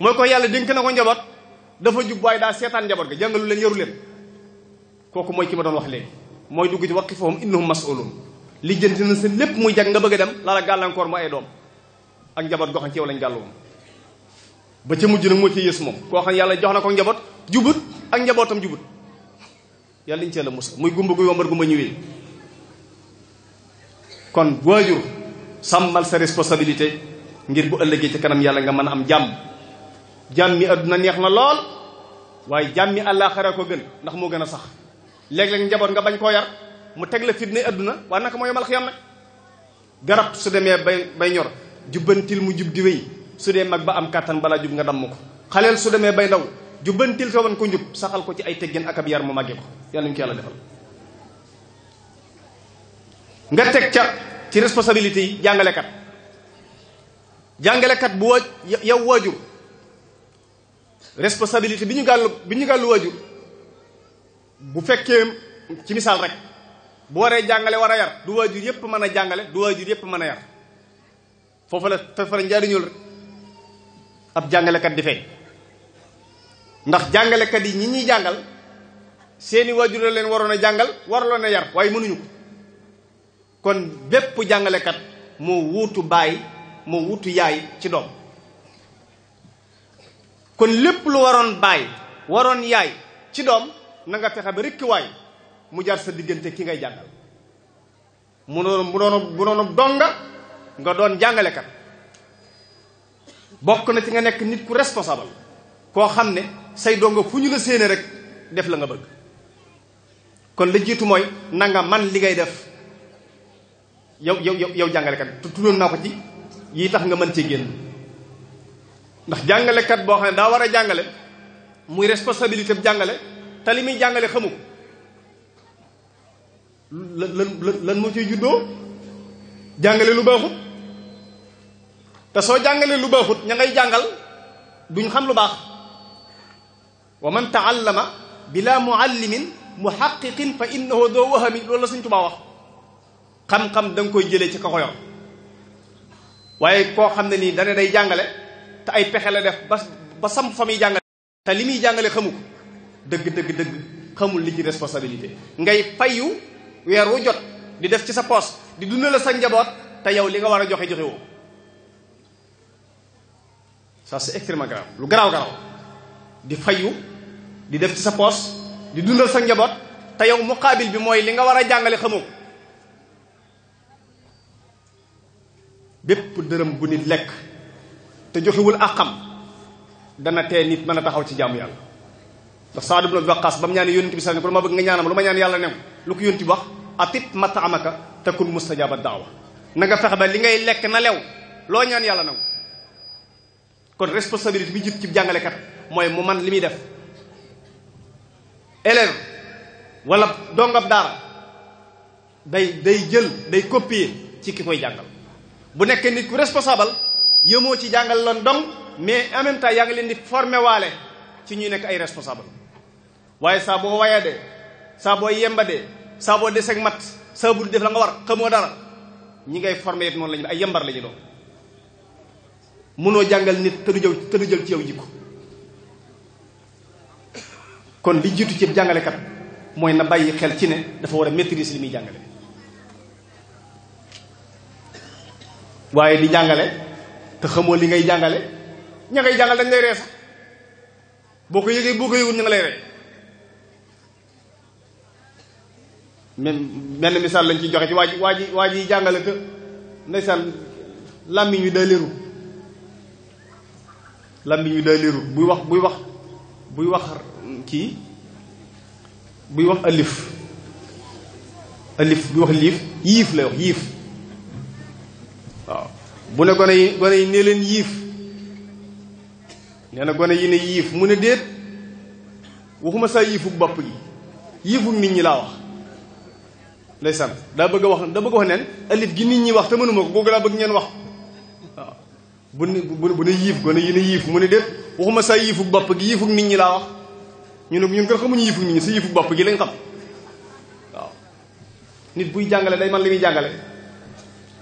mooy ko yàlla dénk na ko njaboot dafa jub waaye daa seetaan njaboot ga jàngalu leen yaru leen kooku mooy ki ma doon wax léegi mooy dugg ci waqifahum innahum mas'ulun lijjanti na sa lépp muy jag nga bëgg a dem lala gàllankoor mu ay doom ak njaboot goo xam lañ gàllu woon ba ca mujj nag moo ci yées moom koo yàlla jox na ko njaboot jubut ak njabootam jubut yàlla ñu ci la musal muy gumba gu yombar gumba ñëwee kon waajur sàmmal sa responsabilité ngir bu ëllëgee ci kanam yàlla nga mën a am jàmm jàmmi àdduna neex na lool waaye jàmmi àllaaxira ko gën ndax moo gën a sax léeg-léeg njaboot nga bañ koo yar mu teg la fitna àdduna waaye naka mooy yomal xiyam nag garab su demee bay bay ñor jubbantil mu jub di wéy su dee mag ba am kàttan balaa jub nga damm ko xaleel su demee bay ndaw jubbantil ko wan ko njub saxal ko ci ay teggin ak yar mu màggee ko yàlla ñu ko yàlla defal nga teg ca ci responsabilité yi jàngalekat jàngalekat bu waaj yow waajur responsabilité bi ñu gàll bi ñu gàll waajur bu fekkee ci misaal rek bu waree jàngale war a yar du waajur yépp mën a jàngale du waajur yépp mën a yar foofu la foofu la njariñul ab jàngalekat di feeñ ndax jàngalekat yi ñi ñuy jàngal seeni waajur leen waroon a jàngal waraloon a yar waaye mënuñu ko kon bépp jàngalekat moo wuutu baay moo wuutu yaay ci doom kon lépp lu waroon baay waroon yaay ci doom nanga nga fexe ba waay mu jaar sa diggante ki ngay jàngal mu doon bu doon bu doon donga nga doon jàngalekat bokk na ci nga nekk nit ku responsable koo xam ne say dongo fu ñu la séenee rek def la nga bëgg kon la jiitu mooy na man li ngay def yow yow yow jàngalekat tuddoon naa ko ci yi tax nga mën cee génn ndax jàngalekat boo xam ne daa war a jàngale muy responsabilité bi jàngale te muy jàngale xamu ko lan lan lan moo ciy juddoo jàngale lu baaxut te soo jàngalee lu baaxut ña jàngal duñ xam lu baax wa man taallama bila muallimin muhaqiqin fa innahu doo wahami loolu la Sëñ Tuubaa wax xam-xam da koy jëlee ci ka ko waaye koo xam ne nii dane day jàngale te ay pexe la def ba ba sam fa muy jàngale te li muy jàngale xamu ko dëgg dëgg dëgg xamul li ci responsabilité ngay fayu weer wu jot di def ci sa poos di dundal sa njaboot te yow li nga war a joxe joxe woo ça c'est extrêmement grave lu garaaw garaaw di fayu di def ci sa poos di dundal sa njaboot te yow muqaabil bi mooy li nga war a jàngale xamoo bépp dërëm bu nit lekk te joxewul ak xam dana tee nit mën a taxaw ci jaamu yàlla ndax Saad ibn Abi Waqqaas ba mu ñaanee yonent bi sax ne ko lu ma bëgg nga ñaanam lu ma ñaan yàlla new lu ko yonent bi wax atit mata amaka takun mustajaaba daawa na nga fexe ba li ngay lekk na lew loo ñaan yàlla naw kon responsabilité bi jiit ci jàngalekat mooy mu man li muy def élève wala dongab daara day day jël day copier ci ki koy jàngal bu nekkee nit ku responsable yëmoo ci jàngal lan dong mais en même temps yaa ngi leen di formé waale ci ñuy nekk ay responsable waaye saa boo wayadee saa boo yembadee saa boo deseg mat saa bu def la nga war xamoo dara ñi ngay formé it noonu lañu ay yembar la ñu doon mënoo jàngal nit te du jëw jël ci yow jikko kon li jiitu ci jàngalekat mooy na bàyyi xel ci ne dafa war a maîtriser li muy jàngale waaye di jàngale te xamoo li ngay jàngale ña ngay jàngal dañ lay ree sax boo ko yëgee boo ko yëgul ña nga lay ree même misaal lañ ci joxe ci waa ji waa ji waa ji jàngale te ndeysaan làmmiñ wi daa léeru làmmiñ wi daa léeru buy wax buy wax buy wax kii buy wax alif alif buy wax liif yiif lay wax yiif waaw bu ne gone yi gone yi ne leen yiif nee na yi yiif mu ne déet waxuma saa yiifug bopp gi yiifug nit ñi laa wax ndeysaan daa bëgg a wax daa bëgg a wax neen alif gi nit ñi wax te mënuma ko googu laa bëgg ngeen wax waaw bu ne bu ne yiif gone yi ne yiif mu ne déet waxuma saa yiifug bopp gi yiifug nit ñi laa wax ñu ne ñu kon xamuñu yëfu nit ñi sa yëfu bopp gi lañ xam waaw nit buy jàngale day man li muy jàngale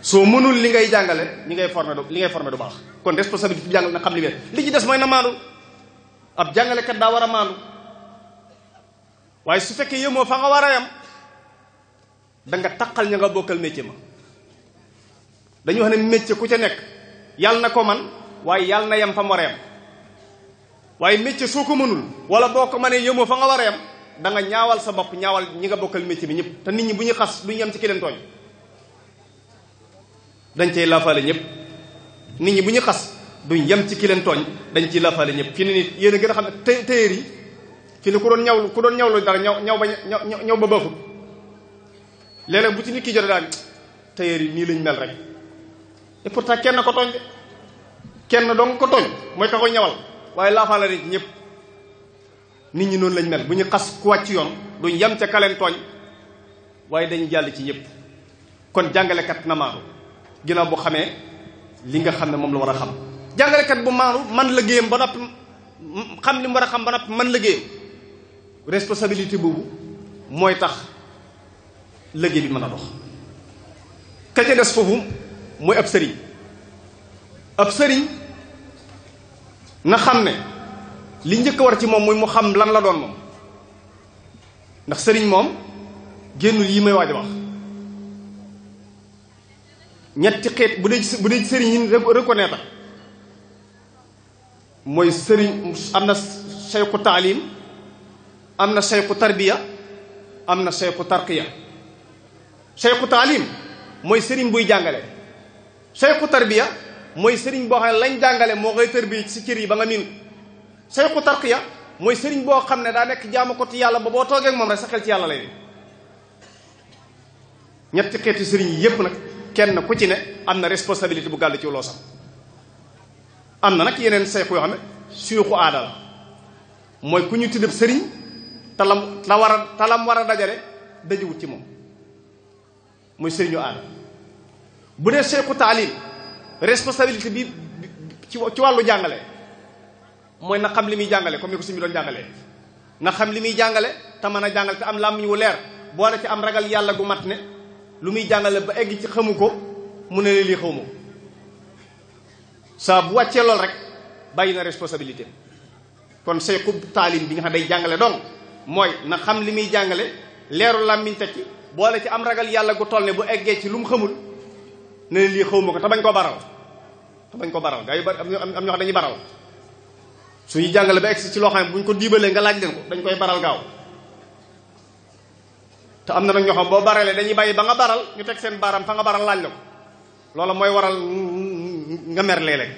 soo mënul li ngay jàngale ñi ngay formé du li ngay formé du baax kon responsabilité bi jàngale na xam li weer li ci des mooy na maandu ab jàngalekat daa war a maandu waaye su fekkee yëmoo fa nga war a yam da nga taqal ña nga bokkal métier ma dañu wax ne métier ku ca nekk yàlla na ko man waaye yàlla na yam fa mu war a yam waaye métier soo ko mënul wala boo ko mënee yëmoo fa nga war a yem da ñaawal sa ñaawal ñi nga bokkal métier bi ñëpp te nit ñi bu ñu xas du ñu yem ci ki leen tooñ laafaale ñëpp nit ñi bu ñu xas duñ yem ci ki leen dañ ciy laafaale ñëpp fi ne nit gën a xam ne té téer yi fi ne ku doon ñawlu ku doon ñawlu dara ñaw ñaw ba ñaw ba baaxul léeg-léeg bu ci nit ki jot daal téer yi nii lañ mel rek et pourtant kenn ko tooñ de kenn dong ko mooy ka koy ñawal waaye laafaale nañ ci ñëpp nit ñi noonu lañ mel bu ñu xas ku wàcc yoon duñ yem ca kaleen tooñ waaye dañu jàll ci ñëpp kon jàngalekat na maaru ginnaaw bu xamee li nga xam ne moom la war a xam jàngalekat bu maaru man liggéeyam ba noppi xam li mu war a xam ba noppi man liggéeyam responsabilité boobu mooy tax liggéey bi mën a dox ka ca des foofu mooy ab sëriñ ab sëriñ na xam ne li njëkk war ci moom muy mu xam lan la doon moom ndax sëriñ moom génnul yi may waaj wax ñetti xeet bu dee ci bu dee ci sëriñ yi reconnaître mooy sëriñ am na sayku taalim am na sayku tarbiya am na sayku tarqiya sayku taalim mooy sëriñ buy jàngale sayku tarbiya mooy sëriñ boo xam ne lañ jàngale moo koy tër bi si cër yi ba nga miin sayxu ya mooy sëriñ boo xam ne daa nekk jaamu ko ci yàlla ba boo toogee ak moom rek sa xel ci yàlla lay ñetti xeeti sëriñ yi yépp nag kenn ku ci ne am na responsabilité bu gàll ci loosam am na nag yeneen sayxu yoo xam ne suyuxu aada la mooy ku ñu tuddee sëriñ talam war a talam war a dajale dajewut ci moom mooy sëriñu aada bu dee sayxu taalim responsabilité bi ci ci wàllu jàngale mooy na xam li muy jàngale comme ni ko suñu doon jàngalee na xam li muy jàngale tama mën a jàngale te am làmmiñ wu leer boole ci am ragal yàlla gu mat ne lu muy jàngale ba egg ci xamu ko mu ne lii xaw ma ko bu wàccee lool rek bàyyi na responsabilité kon say xub taalim bi nga xam day jàngale donc mooy na xam li muy jàngale leeru làmmiñ te ci boole ci am ragal yàlla gu toll ne bu eggee ci lu xamul ne lii xaw ma ko te bañ koo baral te bañ ko baral gaa yu bari am ñoo xam dañuy baral suñu jàngale ba egsi ci loo xam bu ñu ko diibalee nga laaj leen ko dañ koy baral gaaw te am na nag ñoo xam boo baralee dañuy bàyyi ba nga baral ñu teg seen baaraam fa nga baral laaj la loola mooy waral nga mer léeg-léeg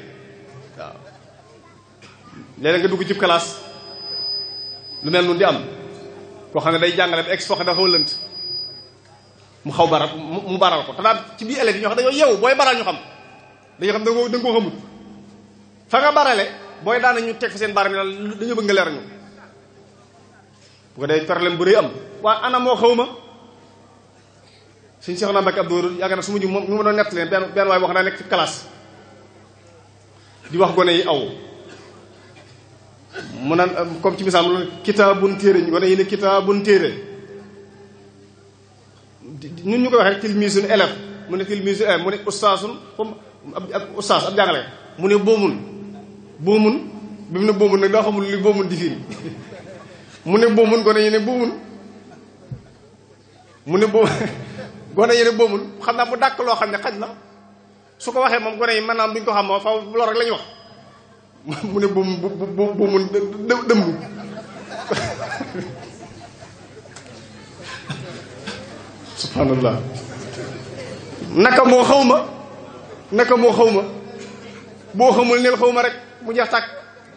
waaw nga dugg cib classe lu mel noonu di am koo xam ne day jàngale ba egsi foo xam ne mu xaw baral mu baral ko te ci biir élèves yi ñoo xam dañoo yeewu booy baral ñu xam dañoo xam da nga ko xamut fa nga barale booy daan ñu teg fa seen baram yi dañoo bëgg nga leer ñu bu ko defee problème bu rëy am waaye ana moo xaw ma suñ Cheikh na Mbacke Abdou yaakaar na su ma ji moom mi ma nett leen benn benn waaye wax naa nekk ci classe di wax gone yi aw mu naan comme ci misaal mu ne kitaabun téere ñu gone yi ne kitaabun téere ñun ñu koy waxee rek tilmisun élève mu ne tilmisun élève mu ne ustaasun comme ab ustaas ab jàngale mu ne boomun boomun bi mu ne boomun nag daa xamul li boomun di mu ne boomun gone yi ne boomun mu ne boobu *laughs* gone yi ne xam naa mu dàkk loo xam ne xaj na su ko waxee moom gone yi naa duñ ko xam ma faw lool rek la ñu wax *laughs* mu ne boomu boomul dëmb *laughs* subhanallah naka moo xaw ma naka moo xaw ma boo xamul neel xaw ma rek mu jeex takk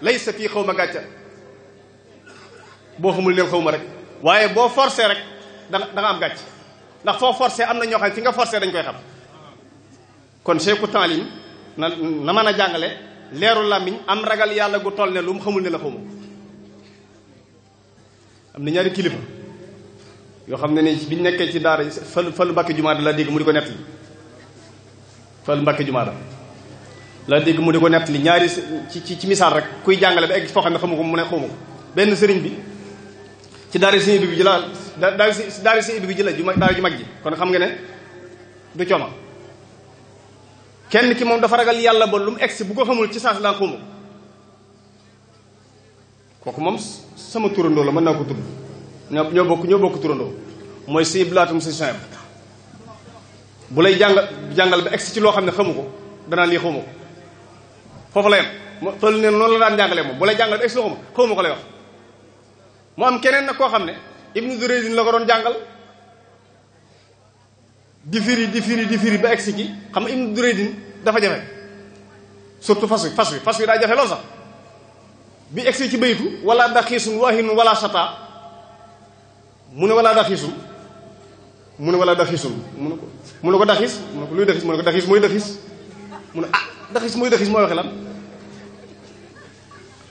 lay sa fii xaw ma gàcca boo xamul neel xaw ma rek waaye boo forcé rek da da am gàcc ndax foo forcé am na ñoo xam ne nga forcé dañ koy xam kon seeku taalim na na mën a jàngale leeru làmmiñ am ragal yàlla gu toll ne lu mu xamul ne la xaw ma am na ñaari kilifa yoo xam ne ni biñ nekkee ci daara fal fal mbàkke jumaada laa dégg mu di ko nett li fal mbàkke jumaada laa dégg mu di ko nett li ñaari ci ci misaal rek kuy jàngale ba egg foo xam ne xamu ko mu ne xamu benn sëriñ bi ci daara sëriñ bi ji la daara daara sëriñ bi ji la ju mag daara ju mag ji kon xam nga ne du coono kenn ki moom dafa ragal yàlla ba lu mu egsi bu ko xamul ci saas laa xamu kooku moom sama turandoo la mën naa ko tudd ñoo ñoo bokk ñoo bokk turandoo mooy sëñ blaatum sëñ soeb bu lay jàngal jàngal ba egsi ci loo xam ne xamu ko danaa lii xawma ko foofu la yem xool ne noonu la daan jàngalee moom bu lay jàngal ba egsi loo xamu xawma ko lay wax mu am keneen nag koo xam ne ibnu Dureydin la ko doon jàngal di firi di firi di firi ba egsi ci xam nga ibnu Dureydin dafa jafe surtout fas wi fas wi fas wi daa jafe lool sax bi egsi ci baytu wala daxiisun waahinun wala sata mu ne walaa daxisu mu ne walaa daxisul mu ne ko mu ne ko daxis mu ne ko luy daxis mu ne ko daxis mooy daxis mu ne ah daxis mooy daxis mooy waxe lan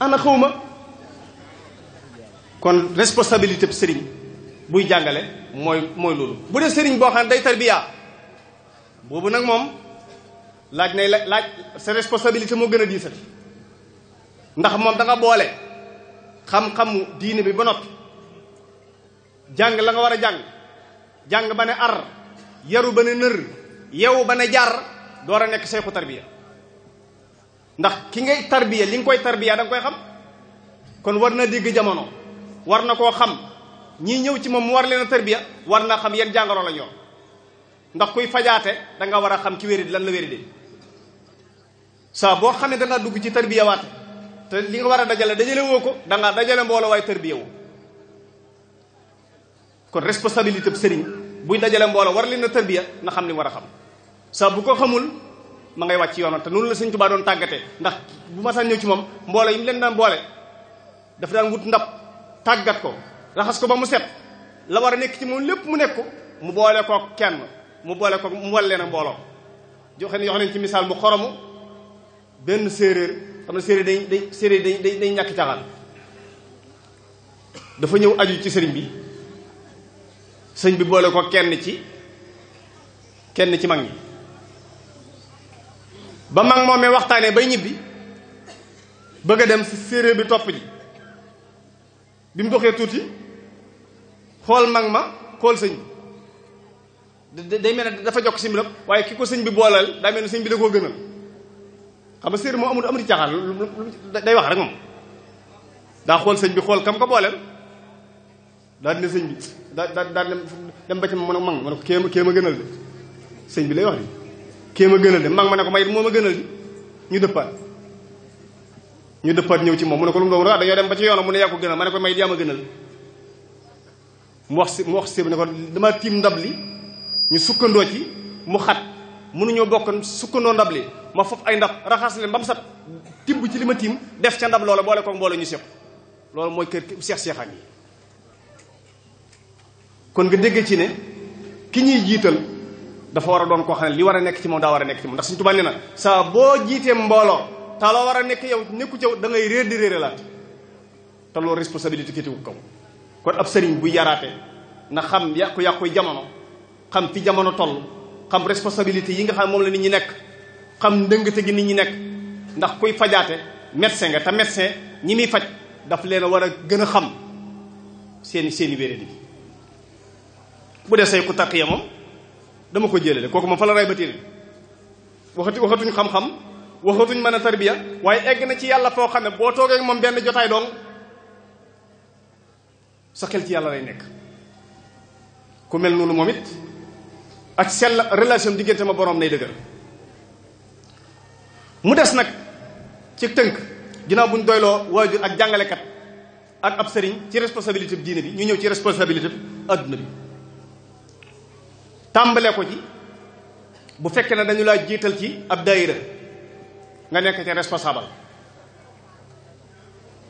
ana xawma kon responsabilité bi sëriñ buy jàngale mooy mooy loolu bu dee sëriñ boo xam ne day tarbiya boobu nag moom laaj nay laaj sa responsabilité moo gën a diisal ndax moom da nga boole xam-xamu diine bi ba nopp jàng la nga war a jàng jàng ba ne ar yaru ba ne nër yew ba ne jaar door a nekk seexu tarbiya ndax ki ngay tarbiya li nga koy tarbiya da koy xam kon war na dégg jamono war na koo xam ñii ñëw ci moom mu war leen a tarbiya war naa xam yan jàngoro la ñor ndax kuy fajaate da nga war a xam ki wéri lan la wéri de saa boo xam ne da dugg ci tarbiya waate te li nga war a dajale dajale woo ko da nga dajale mbooloo waaye tarbiya woo kon responsabilité bu sëriñ buy dajale mbooloo war leen a tarbiya na xam ni war a xam saa bu ko xamul ma ngay wàcc yoonam te noonu la sëñ Tuubaa doon tàggatee ndax bu ma saan ñëw ci moom mbooloo yi mu leen daan boole dafa daan wut ndab tàggat ko raxas ko ba mu set la war a nekk ci moom lépp mu nekk ko mu boole kook kenn mu boole ko mu wal leen mbooloo joxe ne jox leen ci misaal mu xoromu benn séeréer xam ne séeréer day day séeréer day day ñàkk caxaan dafa ñëw aju ci sëriñ bi sëñ bi boole ko kenn ci kenn ci mag ñi ba mag moomee waxtaanee bay ñibbi bëgg a dem si séeréer bi topp ji bi mu doxee tuuti xool mag ma xool sëñ bi day mel ne dafa jokk si mbiram waaye ki ko sëñ bi booleel daa mel ne sëñ bi da koo gënal xam nga séeréer moo amul amul caaxaan day wax rek moom daa xool sëñ bi xool kam ko booleel daal di sëñ bi daal da dem ba ci ma man ma ne ko kéema kéema gënal de sëñ bi lay wax de kéema gënal de mag ma ne ko may moom ma gënal de ñu dëppaat ñu dëppaat ñëw ci moom mu ne ko lu mu ah, ba ci yoonam mu ne yaa ko gënal ma ne ko wax wax si ne ko tiim ndab li ñu sukkandoo ci mu xat mënuñoo bokk sukkandoo ndab li ma foofu ay ndab raxas leen ba mu sat tibb ci li ma tiim def ca ndab loola boole ko mboole ñu seq loolu mooy kër seex seexaan yi kon nga dégg ci ne ki ñuy jiital dafa war a doon koo xam ne li war a nekk ci moom daa war a nekk ci moom ndax Sëriñ Tuubaa nee na boo jiitee mbooloo te war a nekk yow nekku ci yow da ngay réer di réere laat te loolu responsabilité féetewu kaw kon ab sëriñ bu yaraate na xam yàqu-yàqu jamono xam fi jamono toll xam responsabilité yi nga xam ne moom la nit ñi nekk xam ndëngate gi ni ñu nekk ndax kuy fajaate médecin nga te médecin ñi muy faj daf leen a war a gën a xam seeni seeni wéré bu dee say ku takk ya dama ko jëlale kooku moom fa la ray ba téere waxatu waxatuñ xam-xam waxatuñ mën a tarbiya waaye egg na ci yàlla foo xam ne boo toogee moom benn jotaay doon sa xel ci yàlla lay nekk ku mel noonu moom it ak sell relation diggante ma boroom nay dëgër mu des nag ci tënk ginnaaw bu ñu doyloo waajur ak jàngalekat ak ab sëriñ ci responsabilité bi diine bi ñu ñëw ci responsabilité bi adduna bi tàmbalee ko ci bu fekkee ne dañu laa jiital ci ab daayira nga nekk ci responsable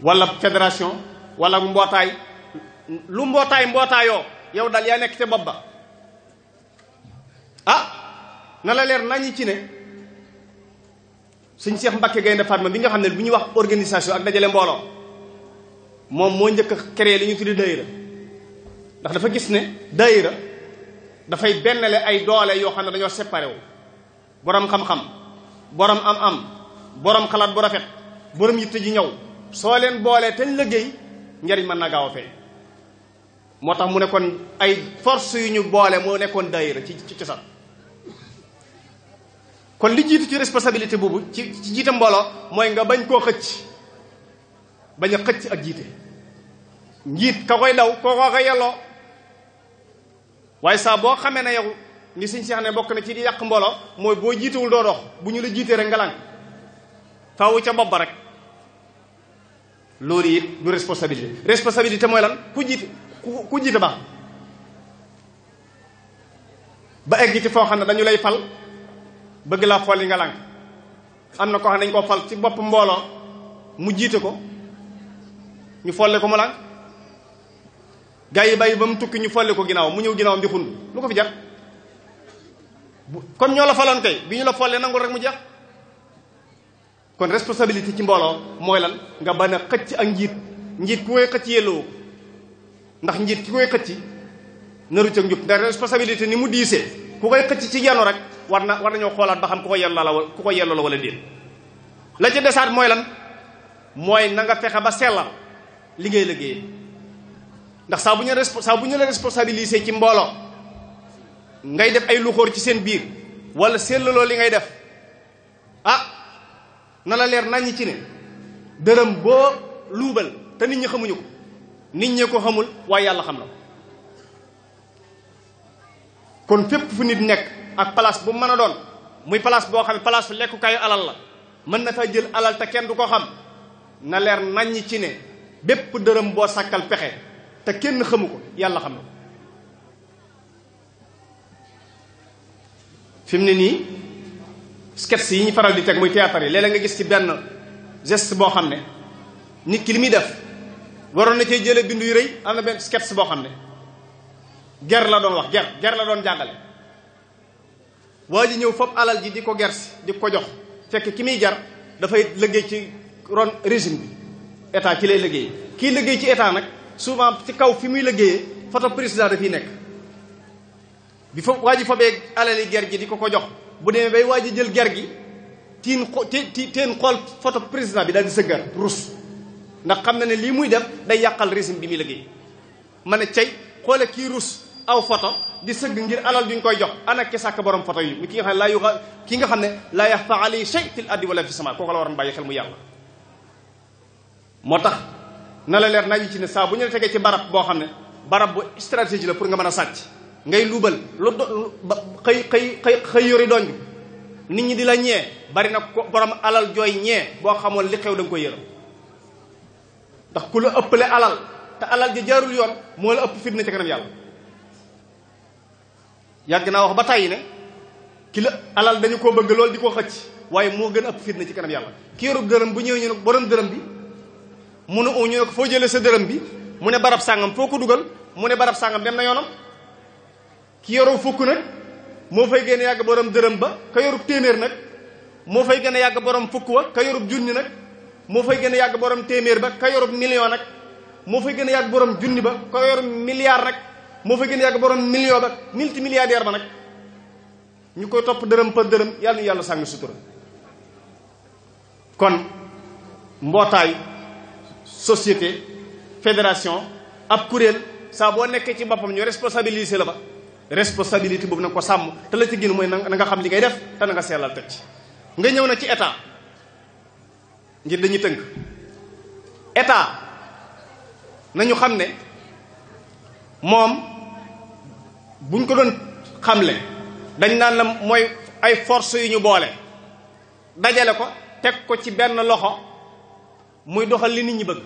wala fédération wala mbootaay lu mbootaay mbootaayoo yow daal yaa nekk ci bopp ba ah na la leer nañu ci ne suñ Seex Mbàkke Gaynde Fatma bi nga xam ne bu ñuy wax organisation ak dajale mbooloo moom moo njëkk a créé li ñu tuddi daayira ndax dafa gis ne daayira dafay bennale ay doole yoo xam ne dañoo séparé wu borom xam-xam borom am-am boroom xalaat bu rafet borom yitte ji ñëw soo leen boolee te ñu liggéey njariñ mën na gaaw a feeñ moo tax mu nekkoon ay force yu ñu boole moo nekkoon daayira ci ci cosaan kon li jiitu ci responsabilité boobu ci ci jiite mbooloo mooy nga bañ koo xëcc bañ a xëcc ak jiite njiit ka koy daw koo ko yelloo waaye saa boo xamee ne yow ni suñ seex ne bokk na ci di yàq mbooloo mooy boo jiitewul doo dox bu ñu la jiitee rek nga lànk faaw ca bopp ba rek loolu it du responsabilité responsabilité mooy lan ku jiite ku jiite baax ba egg ci foo xam ne dañu lay fal bëgg laa xool yi nga lànk am na ko xam ne dañu ko fal ci bopp mbooloo mu jiite ko ñu folle ko mu lànk gars yi bàyyi ba mu tukki ñu folli ko ginnaaw mu ñëw ginnaawam di xund lu ko fi jar kon ñoo la faloon kay bi ñu la follee nangul rek mu jeex kon responsabilité ci mbooloo mooy lan nga ba a xëcc ak njiit njiit ku koy xëcc yelloo ndax njiit ki koy xëcc naru ca njub ndax responsabilité ni mu diisee ku koy xëcc ci yenn rek war na war nañoo xoolaat ba xam ku ko yelloo la ku ko yelloo la wala déet la ca desaat mooy lan mooy nanga nga fexe ba sellal li ngay ndax saa bu ñu saa bu ñu la responsabilisé ci mbooloo ngay def ay luxóor ci seen biir wala seetlaloo li ngay def ah na la leer naññ ci ne dërëm boo luubal te nit ñi xamuñu ko nit ñi ko xamul waaye yàlla xam na ko kon fépp fu nit nekk ak place bu mën a doon muy place boo xam ne place fu lekkukaayu alal la mën na faa jël alal te kenn du ko xam na leer naññ ci ne bépp dërëm boo sàkkal pexe te kenn xamu ko yàlla xam na ko fi mu ne nii sketch yi ñu faral di teg muy théâtre yi léeg nga gis ci benn gest boo xam ne nit ki li muy def waroon na cee jële bindu yu rëy am na benn sketch boo xam ne ger la doon wax ger ger la doon jàngale waa ji ñëw fop alal ji di ko ger si di ko jox fekk ki muy jar dafay liggéey ci ron régime bi état ci lay liggéey kii liggéey ci état nag souvent ci kaw fi muy liggéeyee photo président dafiy nekk bi fa waa ji fabee alali ger gi di ko ko jox bu demee bay waa ji jël ger gi tiin ti teen xool foto président bi daal di sëggar rus ndax xam na ne lii muy def day yàqal régime bi muy liggéey ma ne cey xoole kii rus aw photo di sëgg ngir alal duñ koy jox ana ki sàkk borom photo yi ki nga xam ne laa yu ki nga xam ne laa yaxfa alay shay fil addi wala fi sama kooku la waroon bàyyi mu yàlla tax na la leer nañu ci ne saa bu ñu la tegee ci barab boo xam ne barab bu stratégie la pour nga mën a sàcc ngay luubal lu xëy xëy xëy xëy yori doñ nit ñi di la ñee bari na ko borom alal jooy ñee boo xamoon li xew da ko koy yërëm ndax ku la ëppale alal te alal ji jaarul yoon moo la ëpp fitna ci kanam yàlla yàgg naa wax ba tàyyi ne ki la alal dañu koo bëgg lool di ko xëcc waaye moo gën a ëpp fitna ci kanam yàlla ki yoru dërëm bu ñëwee ñu ne borom dërëm bi mu ne oo ñu ne ko foo jële sa dërëm bi mu ne barab sàngam foo ko dugal mu ne barab sàngam dem na yoonam ki yoroo fukk nag moo fay gën a yàgg borom dërëm ba ka yorub téeméer nag moo fay gën a yàgg borom fukk wa ka yorub junni nag moo fay gën yàgg borom téeméer ba ka yorub million nag moo fay gën a yàgg borom junni ba ka yorub milliard nag moo fay gën a yàgg borom million ba multi milliardaire ba nag ñu koy topp dërëm par dërëm yàlla ñu yàlla sàng sutura kon société fédération ab kuréel saa boo nekkee ci boppam ñu responsabilisé la ba responsabilité boobu na ko sàmm te la ci gën mooy na nga xam li ngay def nga seelal teg ci nga ñëw na ci état ngir dañuy tënk état nañu xam ne moom buñ ko doon xamle dañ naan la mooy ay force yu ñu boole dajale ko teg ko ci benn loxo muy doxal li nit ñi bëgg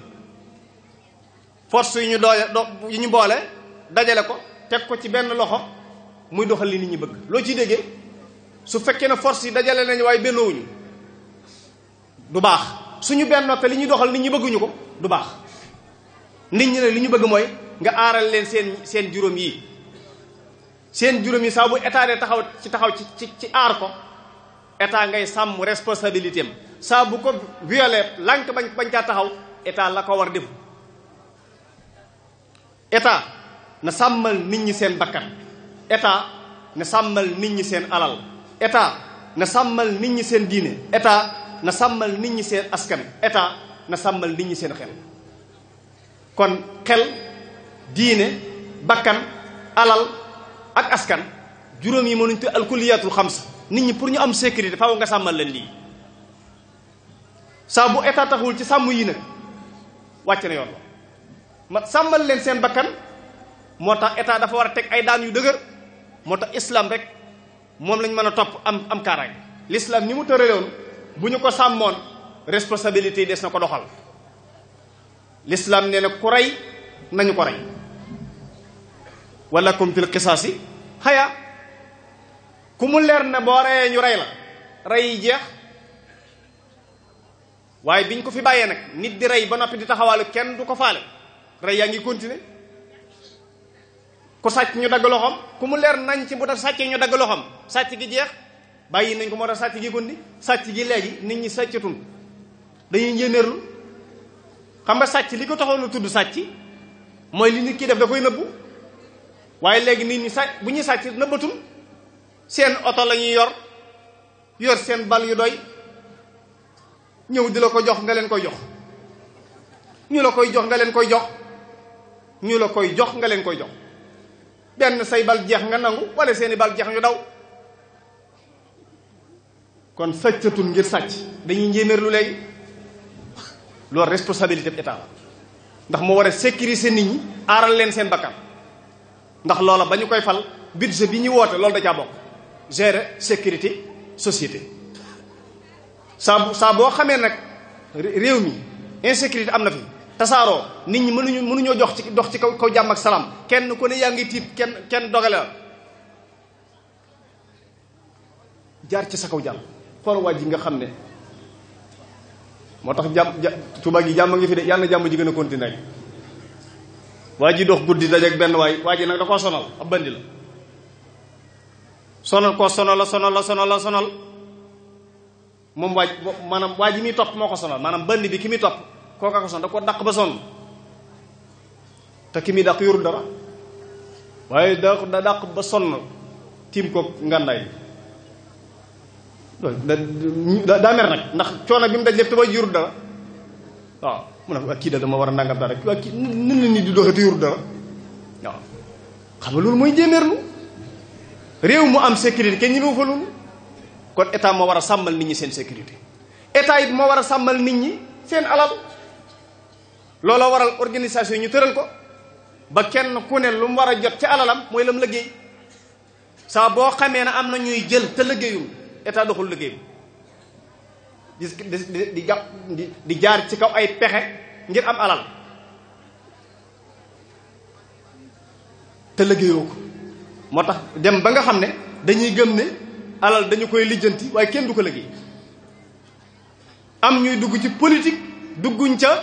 force yi ñu doole do yu ñu boole dajale ko teg ko ci benn loxo muy doxal li nit ñi bëgg loo ci déggee su fekkee ne force yi dajale nañu waaye bennoowuñu du baax suñu bennoo te li ñuy doxal nit ñi bëgguñu ko du baax nit ñi ne li ñu bëgg mooy nga aaral leen seen seen juróom yi seen juróom yi saa bu de taxaw ci taxaw ci ci aar ko état ngay sàmm responsabilité saa bu ko violer lànk bañ bañ taxaw état la ko war def état na sàmmal nit ñi seen bakkan état na sàmmal nit ñi seen alal état na sàmmal nit ñi seen diine état na sàmmal nit ñi seen askan état na sàmmal nit seen xel kon xel diine bakkan alal ak askan juróom yi mënuñ te alkuliyatul xamsa nit ñi pour ñu am sécurité faaw nga sàmmal leen saa bu état taxawul ci sàmm yi nag wàcc na yoon ma sàmmal leen seen bakkan moo tax état dafa war a teg ay daan yu dëgër moo tax islam rek moom lañ mën a topp am am kaaraay l'islam ni mu woon bu ñu ko sàmmoon responsabilité yi des na ko doxal l'islam nee na ku rey nañu ko rey wala kum fil qisaasi xaya ku mu leer ne boo reyee ñu rey la rey yi jeex waaye biñ ko fi bàyyee nag nit di rey ba noppi di taxawaalu kenn du ko faale rey yaa ngi continuer ku sàcc ñu dagg loxoom ku mu leer nañ ci bu tax sàccee dagg loxoom sàcc gi jeex bàyyi nañ ko moo tax sàcc gi gondi sàcc gi léegi nit ñi sàccatun dañuy njéenéerlu xam nga sàcc li ko taxoon a tudd sàcc mooy li nit ki def da koy nëbbu waaye léegi nit ñi sàcc bu ñuy sàcc nëbbatul seen oto lañuy yor yor seen bal yu doy ñëw di la ko jox nga leen koy jox ñu la koy jox nga leen koy jox ñu la koy jox nga leen koy jox benn say bal jeex nga nangu wala seeni bal jeex ñu daw kon sàccatul ngir sàcc dañuy lu léegi loolu responsabilité bi état la ndax moo war a sécuriser nit ñi aaral leen seen bakkan ndax loola ba ñu koy fal budget bi ñuy woote loolu da caa bokk gérer sécurité société saa saa boo xamee nag réew mi insécurité am na fi tasaaroo nit ñi mënuñu mënuñoo jox ci dox ci kaw kaw jàmm ak salaam kenn ku ne yaa ngi kenn kenn dogale la ci sa kaw jàll waa ji nga xam ne moo tax jàmm Tuubaa gi jàmm ngi fi de yàlla na jàmm ji gën a continuer ji dox guddi dajeeg benn waay waa ji nag da koo sonal ab bandi la sonal koo sonal la sonal la sonal la sonal moom waaj maanaam waa ji muy topp moo ko sonal maanaam bandi bi ki mi topp kooka ko ko dàq ba sonn te ki muy daq yorul dara waaye da da dàq ba sonn tiim ko ngàndaay da daa mer nag ndax coono bi mu daj lépp te ba yorul dara waaw mu ne ak kii da dama war a nangam dara ak kii nan la nit di loolu mooy jéeméerlu réew mu am sécurité kenn ñu ne fa loolu kon état moo war a sàmmal nit ñi seen sécurité état it moo war a sàmmal nit ñi seen alal looloo waral organisation yi ñu tëral ko ba kenn ku ne lu mu war a jot ci alalam mooy lam liggéey sax boo xamee ne am na ñuy jël te liggéeyul état doxul liggéeyam di di di di jaar ci kaw ay pexe ngir am alal te liggéeyoo ko moo tax dem ba nga xam ne dañuy gëm alal dañu koy lijjanti waaye kenn du ko liggéey am ñuy dugg ci politique dugguñ ca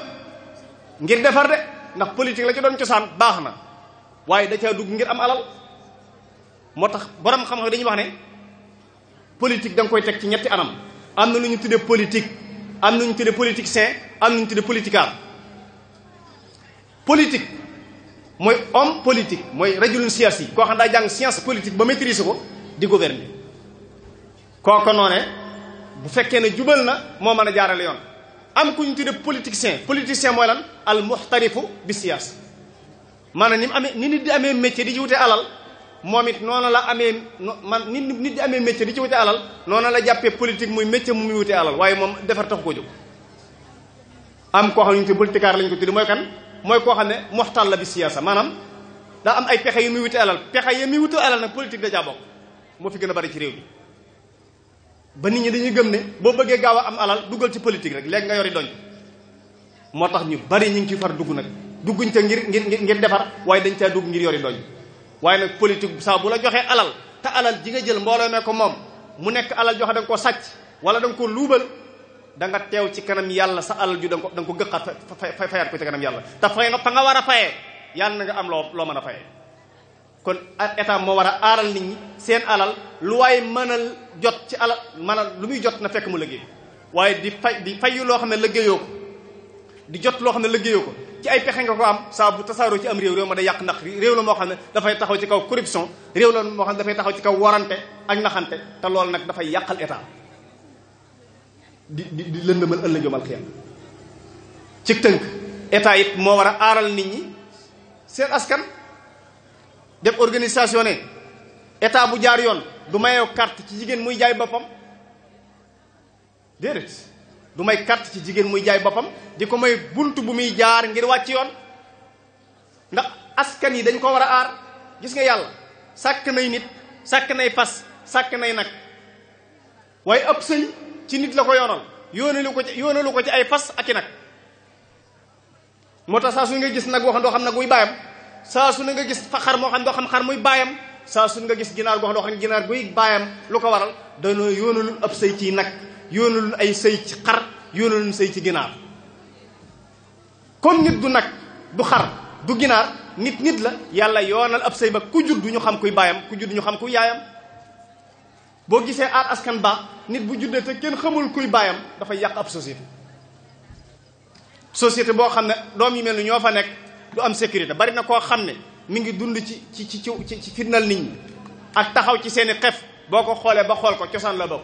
ngir defar de ndax politique la ci doon cosaan baax na waaye da caa dugg ngir am alal moo tax borom xam-xam dañuy wax ne politique da nga koy teg ci ñetti anam am na lu ñu tuddee politique am na ñu tuddee politicien am na ñu tuddee politicard politique mooy homme politique mooy rajulun siyaasi koo xam daa jàng science politique ba maîtriser ko di gouverner kooka noone bu fekkee ne jubal na moo mën a jaarale yoon am ku ñu tuddee politicien politicien mooy lan al muxtarifu bi siyaas maanaam ni mu ni nit di amee métier di ci wute alal moom it noonu la amee man nit nit di amee métier di ci wute alal noona la jàppee politique muy métier mu muy wute alal waaye moom defar taxu koo jóg am koo xam ne ñu tuddee politikaar lañ ko tuddee mooy kan mooy koo xam ne moxtal la bi siyaasa maanaam daa am ay pexe yu muy pexe yi muy wute alal nag politique da caa bokk gën a bari ci réew mi ba nit ñi dañuy gëm ne boo bëggee gaaw a am alal duggal ci politique rek léegi nga yori doñ moo tax ñu bari ñu ngi ciy far dugg nag dugguñ ca ngir ngir ngir defar waaye dañ caa dugg ngir yori doñ waaye nag politique saa bu la joxee alal te alal ji nga jël mbooloo mee ko moom mu nekk alal joxe da nga ko sàcc wala da nga ko luubal da nga teew ci kanam yàlla sa alal ju da nga ko da nga ko gëqaat fayaat ko ci kanam yàlla te fay nga fa nga war a fayee yàlla na am loo loo mën a fayee kon état moo war a aaral nit ñi seen alal lu waaye mën jot ci alal maanaam lu muy jot na fekk mu liggéey waaye di fay di fayu loo xam ne liggéeyoo ko di jot loo xam ne liggéeyoo ko ci ay pexe nga ko am saa bu tasaaroo ci am réew réew ma day yàq ndax réew la moo xam ne dafay taxaw ci kaw corruption réew la moo xam ne dafay taxaw ci kaw warante ak naxante te loolu nag dafay yàqal état di di di lëndëmal ëllëg yomal xiyam ci tënk état it moo war a aaral nit ñi seen askan def organisation ne état bu jaar yoon du mayoo carte ci jigéen muy jaay boppam déedéet du may carte ci jigéen muy jaay boppam di ko may bunt bu muy jaar ngir wàcc yoon ndax askan yi dañ ko war a aar gis nga yàlla sàkk nay nit sàkk nay fas sàkk nay nag waaye ab sëy ci nit la ko yoonal yoonalu ko ci ko ci ay fas ak i nag moo tax saa su nga gis nag waxandoo xam nag wuy baayam saa su ne nga gis fa xar moo xam doo xam xar muy baayam saa su ne nga gis ginaar goo xam doo xam ginaar guy baayam lu ko waral dañoo yoonalul ab sëy ci nag yoonalul ay sëy ci xar yoonalul ci ginaar kon nit du nag du xar du ginaar nit nit la yàlla yoonal ab sëy ba ku judd ñu xam kuy baayam ku judd ñu xam kuy yaayam boo gisee aar askan baax nit bu juddee te kenn xamul kuy baayam dafa yàq ab société société boo xam ne doom yi mel ni ñoo fa nekk du am sécurité bari na koo xam ne mi ngi dund ci ci ci ci fitnal nit ñi ak taxaw ci seeni xef boo ko xoolee ba xool ko cosaan la bokk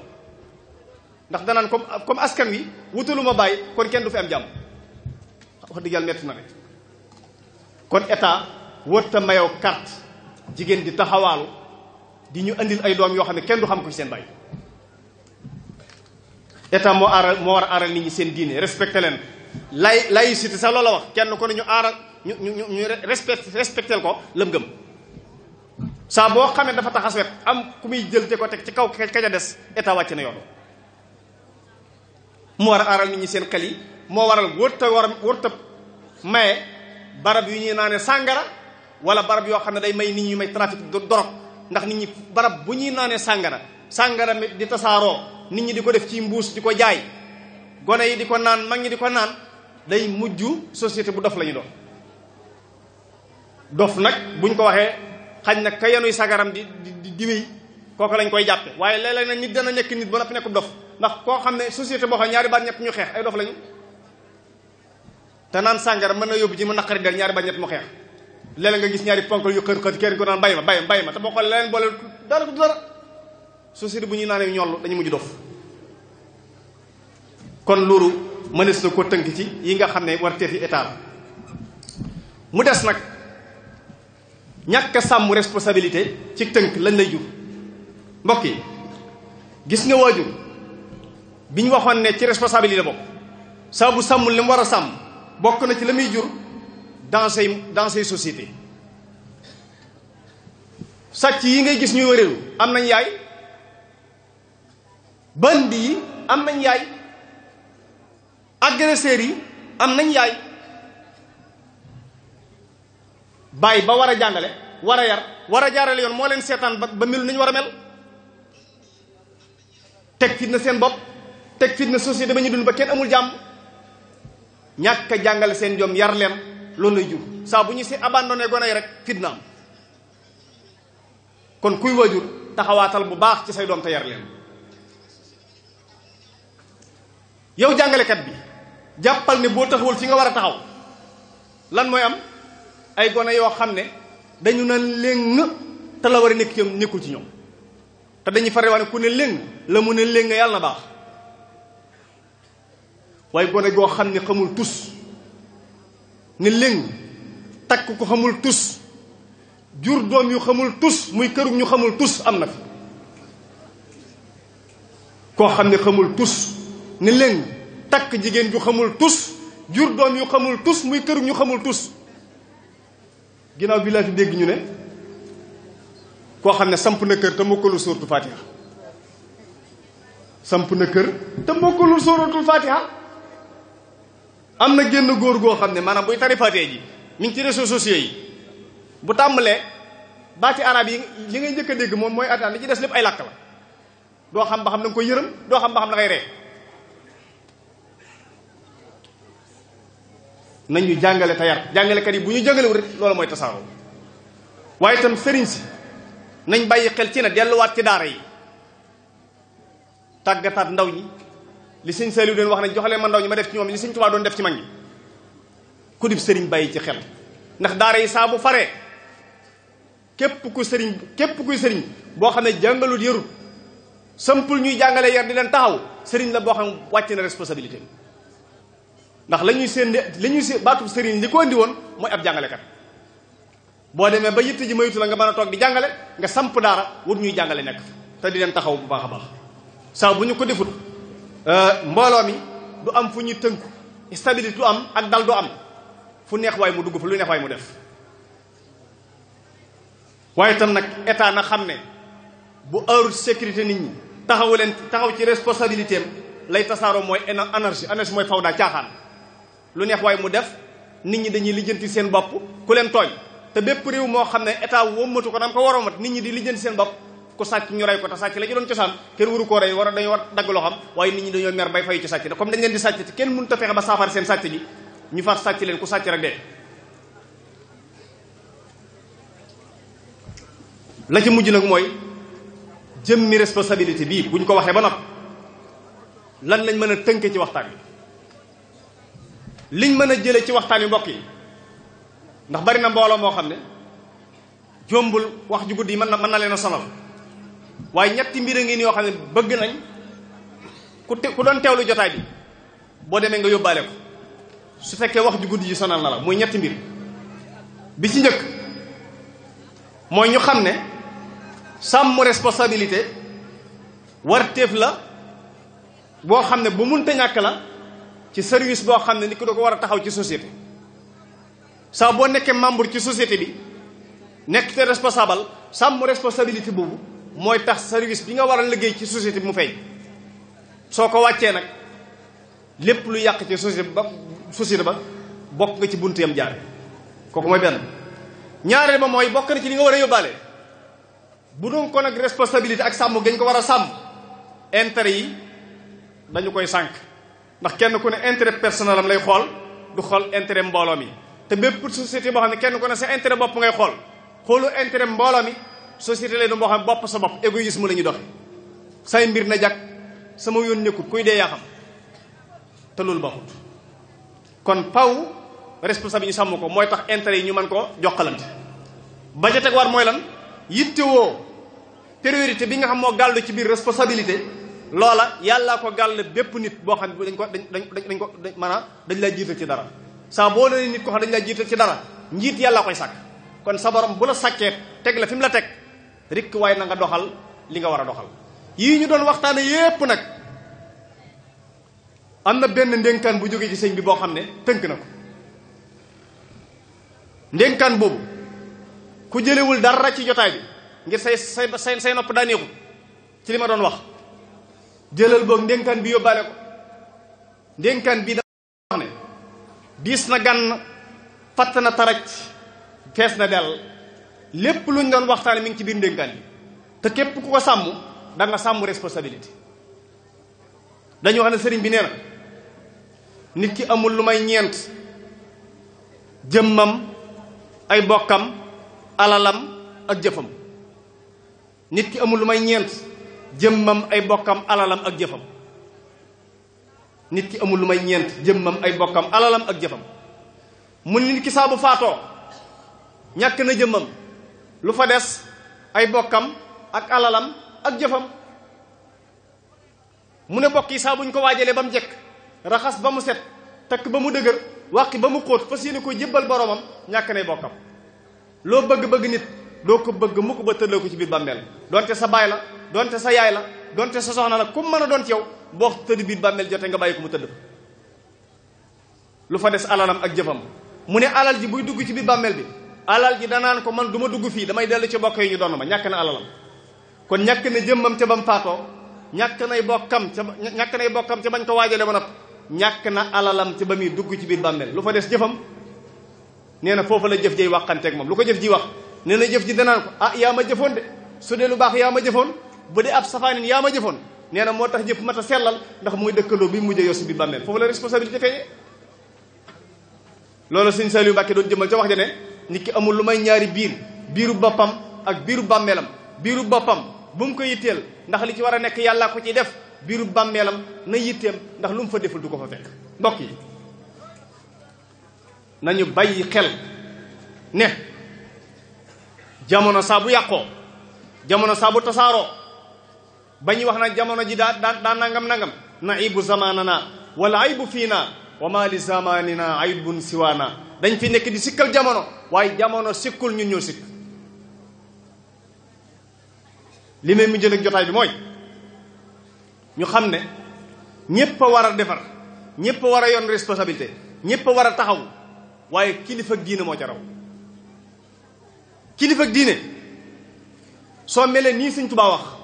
ndax danaan comme comme askan wi wutalu ma bàyyi kon kenn du fi am jàmm wax dëgg yàlla kon état wërta mayoo carte jigéen di taxawaalu di ñu andil ay doom yoo xam ne kenn du xam ko ci seen bàyyi état moo aaral moo war a aaral nit ñi seen diine respecté leen lay laïcité sax loola wax kenn ko ne ñu aaral ñu ñu ñu ñu respect respectel ko lëm gëm saa boo xamee dafa taxas wet am ku muy jël ko teg ci kaw kaja des état wàcc na yoon mu war a aaral nit ñi seen xel yi moo waral wërta war wërta maye barab yu ñuy naanee sàngara wala barab yoo xam ne day may nit ñi may trafic dorog ndax nit ñi barab bu ñuy naanee sàngara sàngara mi di tasaaroo nit ñi di ko def ci mbuus di ko jaay gone yi di ko naan mag ñi di ko naan day mujj société bu dof la ñu doon dof nag bu ñu ko waxee xañ nag ka yenuy sagaram di di di wéy kooku lañ koy jàppe waaye léeg-léeg nag nit dana nekk nit ba noppi nekk dof ndax koo xam ne société boo xam ñaari baat ñett ñu xeex ay te naan sàngara mën na yóbbu ci mu naqari del ñaari baat ñett mu xeex léeg-léeg nga gis ñaari ponkal yu xër xër kenn ko naan bay ma bay ma bay ma te boo xoolee leneen boole dara ko dara société bu ñu naanee ñoll dañu mujj dof kon loolu mënees na ko tënk ci yi nga xam ne war teefi état mu des nag ñàkk sàmm responsabilité ci tënk lañ lay jur mbokk yi gis nga waajur bi ñu waxoon ne ci responsabilité bokk saa bu sàmmul li war a sàmm bokk na ci la muy jur dans ces dans ces sociétés sàcc yi ngay gis ñuy wëreelu am nañ yaay bandi bi am nañ yaay agresseurs yi am nañ yaay baay ba war a jàngale war a yar war a jaarale yoon moo leen seetaan ba ba melu ni war a mel teg fitna seen bopp teg fitna société ba ñu dund ba kenn amul jàmm ñàkk a jàngale seen jom yar leen loolu lay jur saa bu ñu si abandonné gone rek fitna am kon kuy waajur taxawaatal bu baax ci say doom yar leen yow jàngalekat bi jàppal ne boo taxawul ci nga war a taxaw lan mooy am ay gone yoo xam ne dañu na léng te la war a nekk ci ñoom nekkul ci ñoom te dañuy faral wax ne ku ne léng la mu ne léng yàlla na baax waaye gone goo xam ne xamul tus ne léng takk ko xamul tus jur doom yu xamul tus muy kërug ñu xamul tus am na koo xam ne xamul tus ne léng takk jigéen ju xamul tus jur doom yu xamul tus muy kërug ñu xamul tus ginaaw bi laa fi dégg ñu ne koo xam ne samp na kër te mokkalul suuratul faatiha samp na kër te mokkalul suuratul faatiha am na génn góor goo xam ne maanaam buy tari faatiha ji mi ngi ci réseaux sociaux yi bu tàmbalee baati arab yi li ngay jëkk dégg moom mooy ataan li ci des lépp ay làkk la doo xam ba xam da nga koy yërëm doo xam ba xam na ngay ree nañu jàngale te jàngalekat yi bu ñu jàngalewul rek loolu mooy tasaaroo waaye itam sëriñ si nañ bàyyi xel ci na delluwaat ci daara yi tàggataat ndaw ñi li sëñ Saliou doon wax ne joxalee ma ndaw ñi ma def ci ñoom li sëñ Tuubaa doon def ci mag ñi ku sëriñ bàyyi ci xel ndax daara yi saa bu faree képp ku sëriñ képp kuy sëriñ boo xam ne jàngalul yarut sëmpul ñuy jàngale yar di leen taxaw sëriñ la boo xam wàcc na responsabilité ndax la ñuy seen li ñuy seen baatub sëriñ li ko indi woon mooy ab jàngalekat boo demee ba yitte ji mayutu la nga mën a toog di jàngale nga samp daara wut ñuy jàngale nekk te di leen taxaw bu baax a baax saa bu ñu ko defut euh, mbooloo mi du am fu ñuy tënku stabilité du am ak dal du am fu neex waay mu dugg fa lu neex mu def waaye tam nag état na xam ne bu heure sécurité nit ñi taxawu leen taxaw ci responsabilité am lay tasaaroo mooy énergie énergie mooy faw daa caaxaan lu neex waaye mu def nit ñi dañuy lijjanti seen bopp ku leen tooñ te bépp réew moo xam ne état wómmatu ko nam ko waroon mat nit ñi di lijjanti seen bopp ku sàcc ñu rey ko te sàcc la ñu doon cosaan kenn waru koo rey war a dañu war dagg loo xam waaye nit ñi dañoo mer bay fayu ci sàcc te comme dañ di sàcc te kenn mënut a fexe ba saafara seen sàcc ji ñu far sàcc leen ku sàcc rek dee la ci mujj nag mooy jëmmi responsabilité bii bu ñu ko waxee ba noppi lan lañ mën a tënke ci waxtaan bi liñ mën a jële ci waxtaan yu mbokk yi ndax bari na mbooloo moo xam ne jombul wax ju guddi yi mën na mën na leen a sonal waaye ñetti mbir a ngeen yoo xam ne bëgg nañ ku te ku doon teewlu jotaay bi boo demee nga yóbbaale ko su fekkee wax ju guddi ji sonal na la muy ñetti mbir bi ci njëkk mooy ñu xam ne sàmm responsabilité warteef la boo xam ne bu munta ñàkk la ci service boo xam ne ni ki da ko war a taxaw ci société saa boo nekkee membre ci société bi nekk te responsable sàmm responsabilité boobu mooy tax service bi nga war a liggéey ci société bi mu fay soo ko wàccee nag lépp lu yàq ci société ba société ba bokk nga ci buntu yam jaare kooku mooy benn ñaareel ba mooy bokk na ci li nga war a yóbbaale bu doon ko nag responsabilité ak sàmm gañ ko war a sàmm intérêt yi dañu koy sànq ndax kenn ku ne intérêt personnel am lay xool du xool intérêt mbooloo mi te bépp société boo xam ne kenn ku ne sa intérêt bopp ngay xool xoolu intérêt mbooloo mi société lay doon boo xam ne bopp sa bopp égoïsme la ñuy doxe say mbir na jag sama yoon nekkut kuy dee yaa xam te loolu baaxut kon paw responsable yi ñu sàmm ko mooy tax intérêt yi ñu man ko jokkalante ba ca teg war mooy lan yittewoo priorité bi nga xam moo gàllu ci biir responsabilité loola yàllaa ko gàll bépp nit boo xam ne dañ ko dañ dañ dañ ko dañ man a dañ laa jiital ci dara saa boo nee nit ko xam dañ laa jiital ci dara njiit yàllaa koy sàkk kon sa borom bu la sàkkee teg la fi mu la teg rikk waaye na nga doxal li nga war a doxal yii ñu doon waxtaane yépp nag am na benn ndénkaan bu jógee ci sëñ bi boo xam ne tënk na ko ndénkaan boobu ku jëlewul dara ci jotaay bi ngir say say say nopp daa neexut ci li ma doon wax jëlal boog ndénkaan bi yóbbaale ko ndénkaan bi dafa wax ne diis na gan fatt na taraj fees na dell lépp lu ñu doon waxtaane mi ngi ci biir ndénkaan bi te képp ku ko sàmm da nga sàmm responsabilité dañu wax ne sëriñ bi nee na nit ki amul lu may ñeent jëmmam ay bokkam alalam ak jëfam nit ki amul lu may ñeent jëmmam ay bokkam alalam ak jëfam nit ki amul lu may ñeent jëmmam ay bokkam alalam ak jëfam mu nit ki saabu faatoo ñàkk na jëmmam lu fa des ay bokkam ak alalam ak jëfam mu ne bokk yi saa buñ ko waajalee ba mu jekk raxas ba mu set takk ba mu dëgër wàqi ba mu xóot fas yéene ko jébbal boromam ñàkk nay bokkam loo bëgg-bëgg nit doo ko bëgg mukk ba tëddee ko ci biir bàmmeel donte sa baay la donte sa yaay la donte sa soxna la ku mën a doon ci yow boo tëdd biir bàmmeel jote nga bàyyi ko mu tëdd fa lu fa des alalam ak jëfam mu ne alal ji buy dugg ci biir bàmmeel bi alal ji danaan ko man duma dugg fii damay dellu ci bokk yi ñu doon ma ñàkk na alalam kon ñàkk na jëmmam ca bam faatoo ñàkk nay bokkam ca ñàkk nay bokkam ca bañ ko waajale ba noppi ñàkk na alalam ca ba muy dugg ci biir bàmmeel lu fa des jëfam nee na foofu la jëf jiy waxanteeg moom lu ko jëf ji wax nee na jëf ji danaan ko ah yaa ma jëfoon de su dee baax yaa ma jëfoon bu dee ab safaanin yaa ma jëfoon nee na moo tax jëf mat a sellal ndax mooy dëkkandoo bi mujjee yow si bi bàmmeel foofu la responsabilité feeñee loolu sëñ Saliou Mbacke doon jëmal ca wax ja ne nit ki amul lu may ñaari biir biiru boppam ak biiru bàmmeelam biiru boppam bu mu ko yitteel ndax li ci war a nekk yàllaa ko ciy def biiru bàmmeelam na yitteem ndax lu mu fa deful du ko fa fekk mbokk yi nañu bàyyi xel ne jamono saa bu yàqoo jamono saa bu tasaaroo ba wax na jamono ji daa daa daa nangam nangam na aybu zamanana wala aybu fii naa wa ma li zamanina siwaa siwaana dañ fi nekk di sikkal jamono waaye jamono sikkul ñun ñoo sikk li may mujjee nag jotaay bi mooy ñu xam ne ñépp a war a defar ñépp a war a yoon responsabilité ñépp a war a taxaw waaye kilifa diine moo jaraw kilifa diine soo melee nii Sëñ Tuubaa wax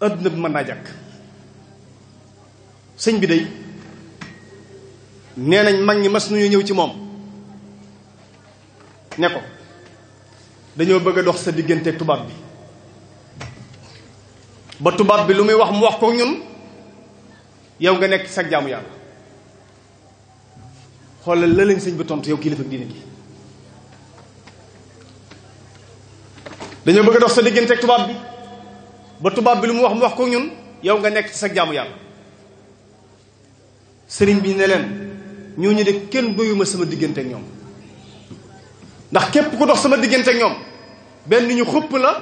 adduna bi mën naa jàkk sëñ bi day nee nañ mag ñi mas nañu ñëw ci moom ne ko dañoo bëgg a dox sa diggante tubaab bi ba tubaab bi lu muy wax mu wax ko ñun yow nga nekk sag jaamu yàlla xoolal la sëñ bi tontu yow kilifa diine gi dañoo bëgg a dox sa diggante tubaab bi ba tubaab bi lu mu wax mu wax ko ñun yow nga nekk ci sa jaamu yàlla sëriñ bi ne leen ñu de kenn doyuma sama diggante ñoom ndax képp ku dox sama diggante ak ñoom benn ñu xëpp la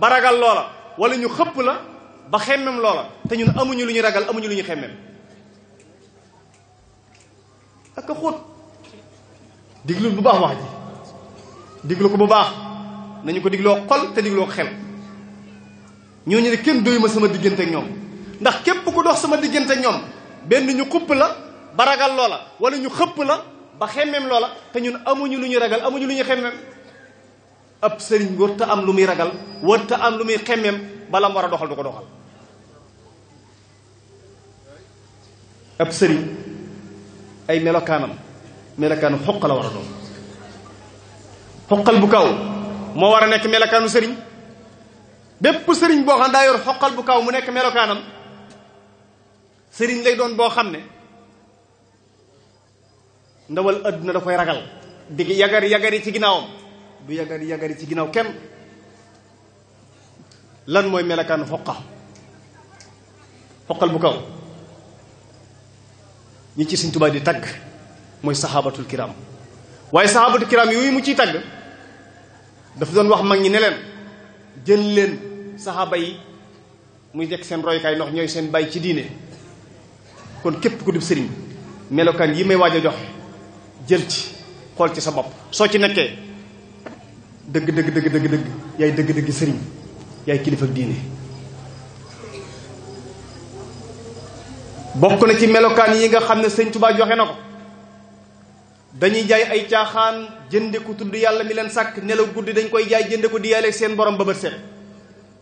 ba ragal loola wala ñu xëpp la ba xemmem loola te ñun amuñu lu ñu ragal amuñu lu ñu xemmem ak a xóot diglu bu baax wax ji diglu ko bu baax nañu ko digloo xol te digloo ko xel ñooñu ne kenn doyuma sama diggante ak ñoom ndax képp ku dox sama diggante ñoom benn ñu xupp la ba ragal loola wala ñu xëpp la ba xemmeem loola te ñun amuñu lu ñu ragal amuñu lu ñu xemmeem ab sëriñ warut a am lu muy ragal warut a am lu muy xemmeem bala war a doxal du ko doxal ab sëriñ ay melokaanam melokaanu xoq la war a doon xoqal bu kaw moo war a nekk melokaanu sëriñ bépp sëriñ boo xam daa yor xoqal bu kaw mu nekk melokaanam sëriñ lay doon boo xam ne ndawal àdduna da koy ragal di yagari yagari ci ginnaawam du yagari yagari ci ginnaaw kenn lan mooy melokaanu xoqa xoqal bu kaw ñu ci Sëriñ Tuubaa di tagg mooy saxaabatul kiram waaye saxaabatul kiram yooyu mu ciy tagg daf doon wax mag ñi ne leen jël leen saxaaba yi muy nekk seen roykaay ndox ñooy seen bàyyi ci diine kon képp ku dib sëriñ melokaan yi may waaj a jox jël ci xool ci sa bopp soo ci nekkee dëgg dëgg dëgg dëgg dëgg yaay dëgg dëgg sëriñ yaay kilifa diine bokk na ci melokaan yi nga xam ne sëñ Tuubaa joxe na ko dañuy jaay ay caaxaan jënde ko tudd yàlla mi leen sàkk nelaw guddi dañ koy jaay jënde ko di yàlla seen borom ba bët set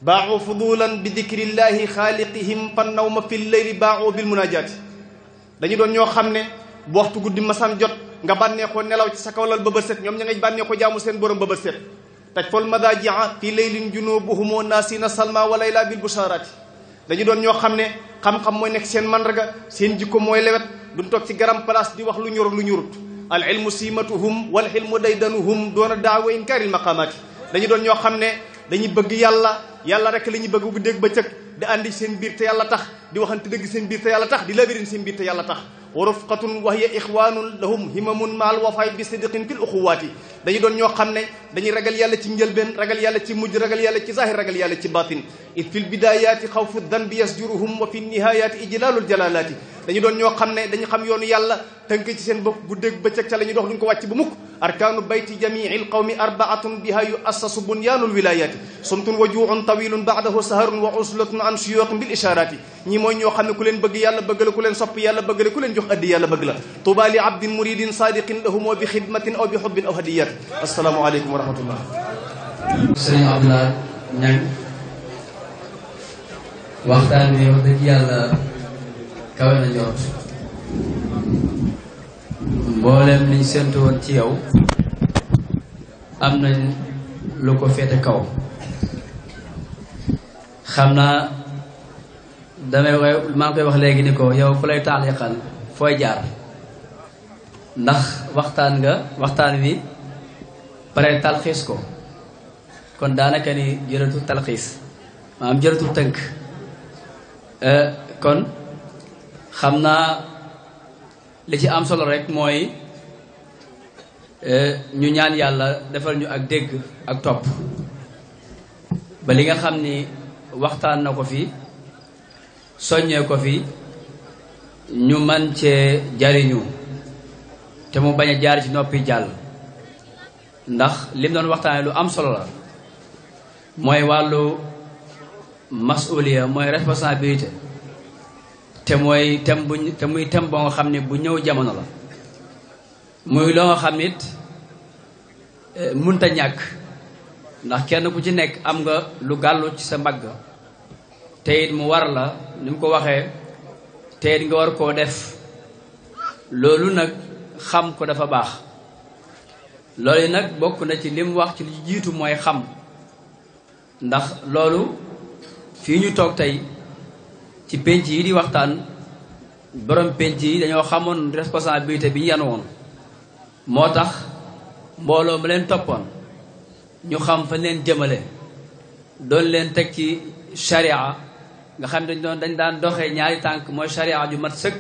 baaxoo fudulan bi dikrillaahi xaaliqihim fan naw ma fil layli baaxoo bil munaajaati dañu doon ñoo xam ne bu waxtu guddi masam jot nga bànnee ko nelaw ci sa kaw lal ba bët set ñoom ña ngay bànnee ko jaamu seen borom ba bët set taj fol madajia fii laylin junubuhumoo naasina salma wa layla bil busharati dañu doon ñoo xam ne xam-xam mooy nekk seen man mandarga seen jikko mooy lewet duñ toog ci garam place di wax lu ñor lu ñurut al ilmu siimatuhum wal ilmu daydanuhum doona daawa inkaaril maqaamaati dañu doon ñoo xam ne dañuy bëgg yàlla yàlla rek la ñu bëgg bu dégg ba cëkk di andi seen biir te yàlla tax di waxante dëgg seen biir te yàlla tax di labirin seen biir te yàlla tax wa rufqatun wa hiya ixwanun lahum himamun maal wafaay bi sidqin fil uxuwaati dañu doon ñoo xam ne dañuy ragal yàlla ci njëlbeen ragal yàlla ci mujj ragal yàlla ci zahir ragal yàlla ci batin it fi l bidayati xawfu danbi yasjuruhum wa fi nihayaati ijlalul jalalaati dañu doon ñoo xam ne dañu xam yoonu yàlla tënk ci seen bopp guddeeg bëccëg ca la ñu dox duñ ko wàcc bu mukk arkaanu bayti jamii lqawmi arbaatun biha yuassasu bunyaanul wilayaati sumtun wa juucun tawilun baadahu saharun wa uslatun an suyuqin bil isharati ku leen bëgg yàlla bëgg la ku leen sopp yàlla leen jox addi yàlla bëgg la tuuba li abdin muridin sadiqin wa bi xidmatin aw bi xubbin aw hadiyaat asalaamaaleykum wa rahmatullah sëriñ Abdoulaye Niang waxtaan bi wax dëgg yàlla kawe na jot mboolem liñ séntu woon ci yow am na lu ko féete kaw xam naa damay maa ngi koy wax léegi ni ko yow ku lay taaliqal fooy jaar ndax waxtaan nga waxtaan wi pare talxiis ko kon daanaka ni jërëtul talxiis maanaam jërëtul tënk eh, kon xam naa li ci am solo rek mooy eh, ñu ñaan yàlla defal ñu ak dégg ak topp ba li nga xam ni waxtaan na ko fii soññee ko fi ñu man cee jariñu te mu bañ a jaar ci noppi jàll ndax lim doon waxtaane lu am solo la mooy wàllu masuliya mooy responsabilité te mooy tem bu te muy tem boo nga xam ne bu ñëw jamono la muy loo nga xam it eh, munta ñàkk ndax kenn ku ci nekk am nga lu gàllu ci sa mbagg te mu war la ni mu ko waxee te nga war koo def loolu nag xam ko dafa baax loolu nag bokk na ci lim wax ci li jiitu mooy xam ndax loolu fii ñu toog tey ci penc yi di waxtaan borom penc yi dañoo xamoon responsabilité bi ñu yan woon moo tax mbooloo mu leen toppoon ñu xam fa leen jëmale doon leen teg ci sharia nga xam dañ doon dañ daan doxee ñaari tànk mooy sharia ju mat sëkk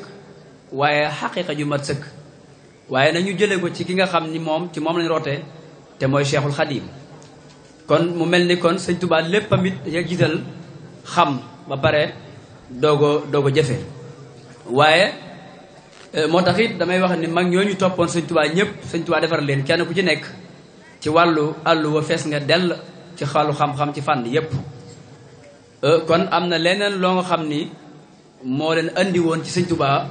waaye xaqiqa ju mat sëkk waaye nañu jëlee ko ci ki nga xam ni moom ci moom lañ rootee te mooy cheikhul xadim kon mu mel ni kon sëñ Tuubaa lépp amit ya jiital xam ba pare doog a doog jëfe waaye eh, moo tax it damay wax ni mag ñooñu toppoon sëñ Tuubaa ñëpp sëñ Tuubaa defar leen kenn ku ci nekk ci wàllu àll wa fees nga dell ci xalu xam-xam ci fànn yépp eh, kon am na leneen loo nga xam ni moo leen indi woon ci sëñ Tuubaa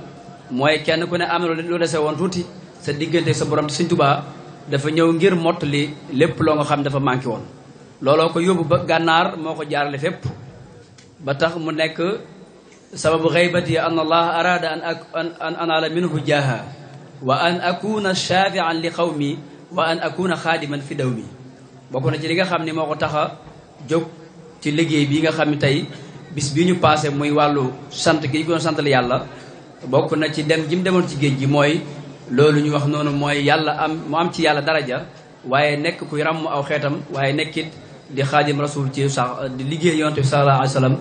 mooy kenn ku ne am na lu dese woon tuuti sa diggante sa borom te sëñ tubaa dafa ñëw ngir mottali lépp loo nga xam dafa manqué woon looloo ko yóbbu ba gànnaar moo ko jaarale fépp ba tax mu nekk sababu xaybati an allah arada an an anaala minhu jaaha wa an akuna shafian li qawmi wa an akuna xaadiman fi daw mi bokk na ci li nga xam ni moo ko tax a jóg ci liggéey bi nga xam ne tey bis bi ñu passé muy wàllu sant gi ñu ko la yàlla bokk na ci dem ji demoon ci géej gi mooy loolu ñu wax noonu mooy yàlla am mu am ci yàlla daraja waaye nekk kuy ràmm aw xeetam waaye nekkit di xaadim rasul ci sax di liggéey yonte bi sallallahu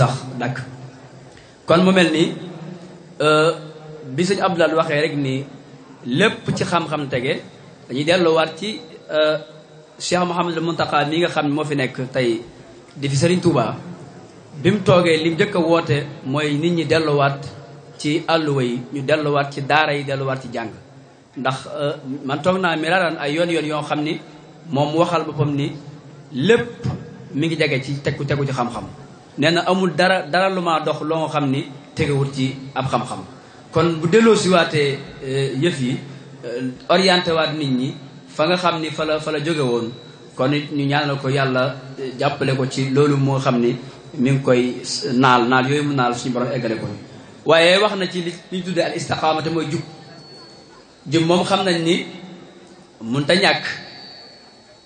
sax dakk kon mu mel ni euh, bi sëñ Abdoulaye waxee rek nii lépp ci xam-xam tege dañuy delluwaat ci euh, Cheikh Mouhamadul Mountakha mi nga xam ne moo fi nekk tey di fi Serigne Touba bi mu toogee li njëkk a woote mooy nit ñi delluwaat. ci àlluwa yi ñu delluwaat ci daara yi delluwaat ci jàng ndax euh, man toog naa miraaran ay yoon yoon yoo xam ni moom waxal boppam ni lépp mi ngi jege ci tegu tegu ci xam-xam nee na amul dara dara lu ma dox loo xam ni tegewut ci ab xam-xam kon bu delloo si waatee euh, yëf yi euh, orienté waat nit ñi fa nga xam ni fa la fa la jóge woon kon it ñu ñaanal ko yàlla jàppale ko ci loolu moo xam ni mu ngi koy naal naal yooyu mu naal suñu borom eggale ko waaye wax na ci li ñu tuddee al istiqaama te mooy jub jub moom xam nañ ni mun ta ñàkk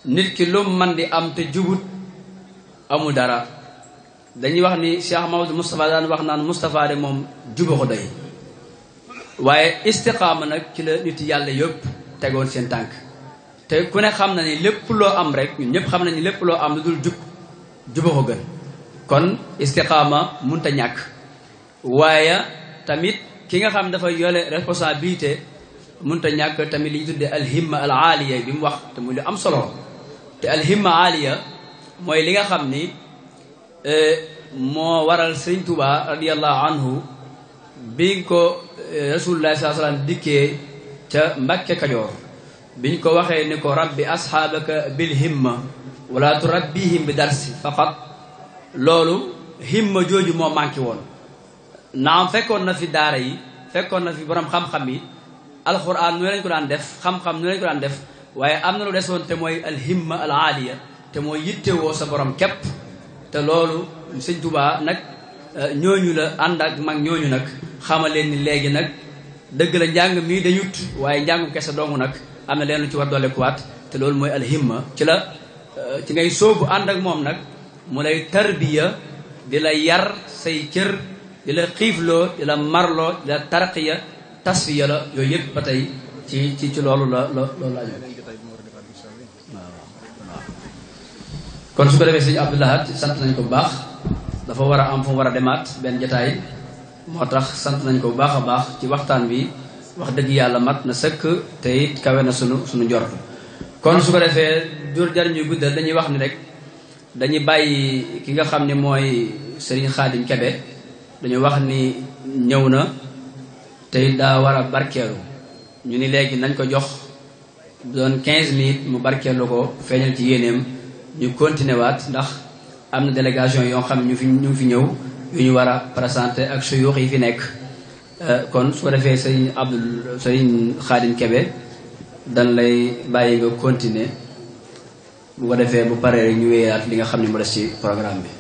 nit ki lu man di am te jubut amul dara dañuy wax ni Cheikh Mamadou Moustapha daan wax naan Moustapha de moom juba ko doy waaye istiqaama nag ci la nit yàlla yëpp tegoon seen tànk te ku ne xam na ni lépp loo am rek ñun ñëpp xam nañu lépp loo am lu dul jub juba ko gën kon istiqaama mun ta ñàkk waaye tamit ki nga xam dafa yole responsabilité ta ñàkk tamit li ñu tuddee alhimma al aaliya bi mu wax te mu lu am solo te alhimma aaliya mooy li nga xam ni eh, moo waral sëñ Tuba radiallahu anhu biñ ko eh, rasulullah saa dikkee ca Mbàkke Kajoor biñ ko waxee ni ko rabbi asxaabaka bil himma wala turabbihim bi darsi faqat loolu himma jooju moo manqué woon naam fekkoon na fi daara yi fekkoon na fi boroom xam-xam yi alxuraan nu lañ ko daan def xam-xam nu lañ ko daan def waaye am na lu desoon te mooy alhimma al aaliya te mooy yittewoo sa boroom képp te loolu sëñ jubaa nag euh, ñooñu la ànd ak mag ñooñu nag xamal leen ni léegi nag dëgg la njàng mii dañut waaye njàngu kese dong nag am na leen lu ci war doole kuwaat te loolu mooy alhimma ci la euh, ci ngay soobu ànd ak moom nag mu lay tarbiya di la yar say cër di la xiifloo di la marloo di la tarqiya tasfiya la yooyu yëpp ba tey ci ci ci loolu la la loolu la ñëw kon su ko defee sëñ Abdoulahat sant nañ ko bu baax dafa war a am fu mu war a demaat benn jataay moo tax sant nañ ko bu baax a baax ci waxtaan wi wax dëgg yàlla mat na sëkk tey it kawe na sunu suñu njort kon su ko defee jar ñuy guddal dañuy wax ni rek dañuy bàyyi ki nga xam ne mooy sëriñ Khadim Kebe dañu wax ni ñëw na tey daa war a barkeelu ñu ni léegi nañ ko jox doon 15 minutes mu barkeelu ko feeñal ci yéeneem ñu continué waat ndax am na délégation yoo xam ñu fi ñu fi ñëw yu ñu war a présenté ak suyuux yi fi nekk euh, kon soo ko defee sëriñ Abdul sëriñ Xaadim Kebe dan lay bàyyi nga continuer bu ko defee bu paree rek ñu wéyaat li nga xam ne mu des ci programme bi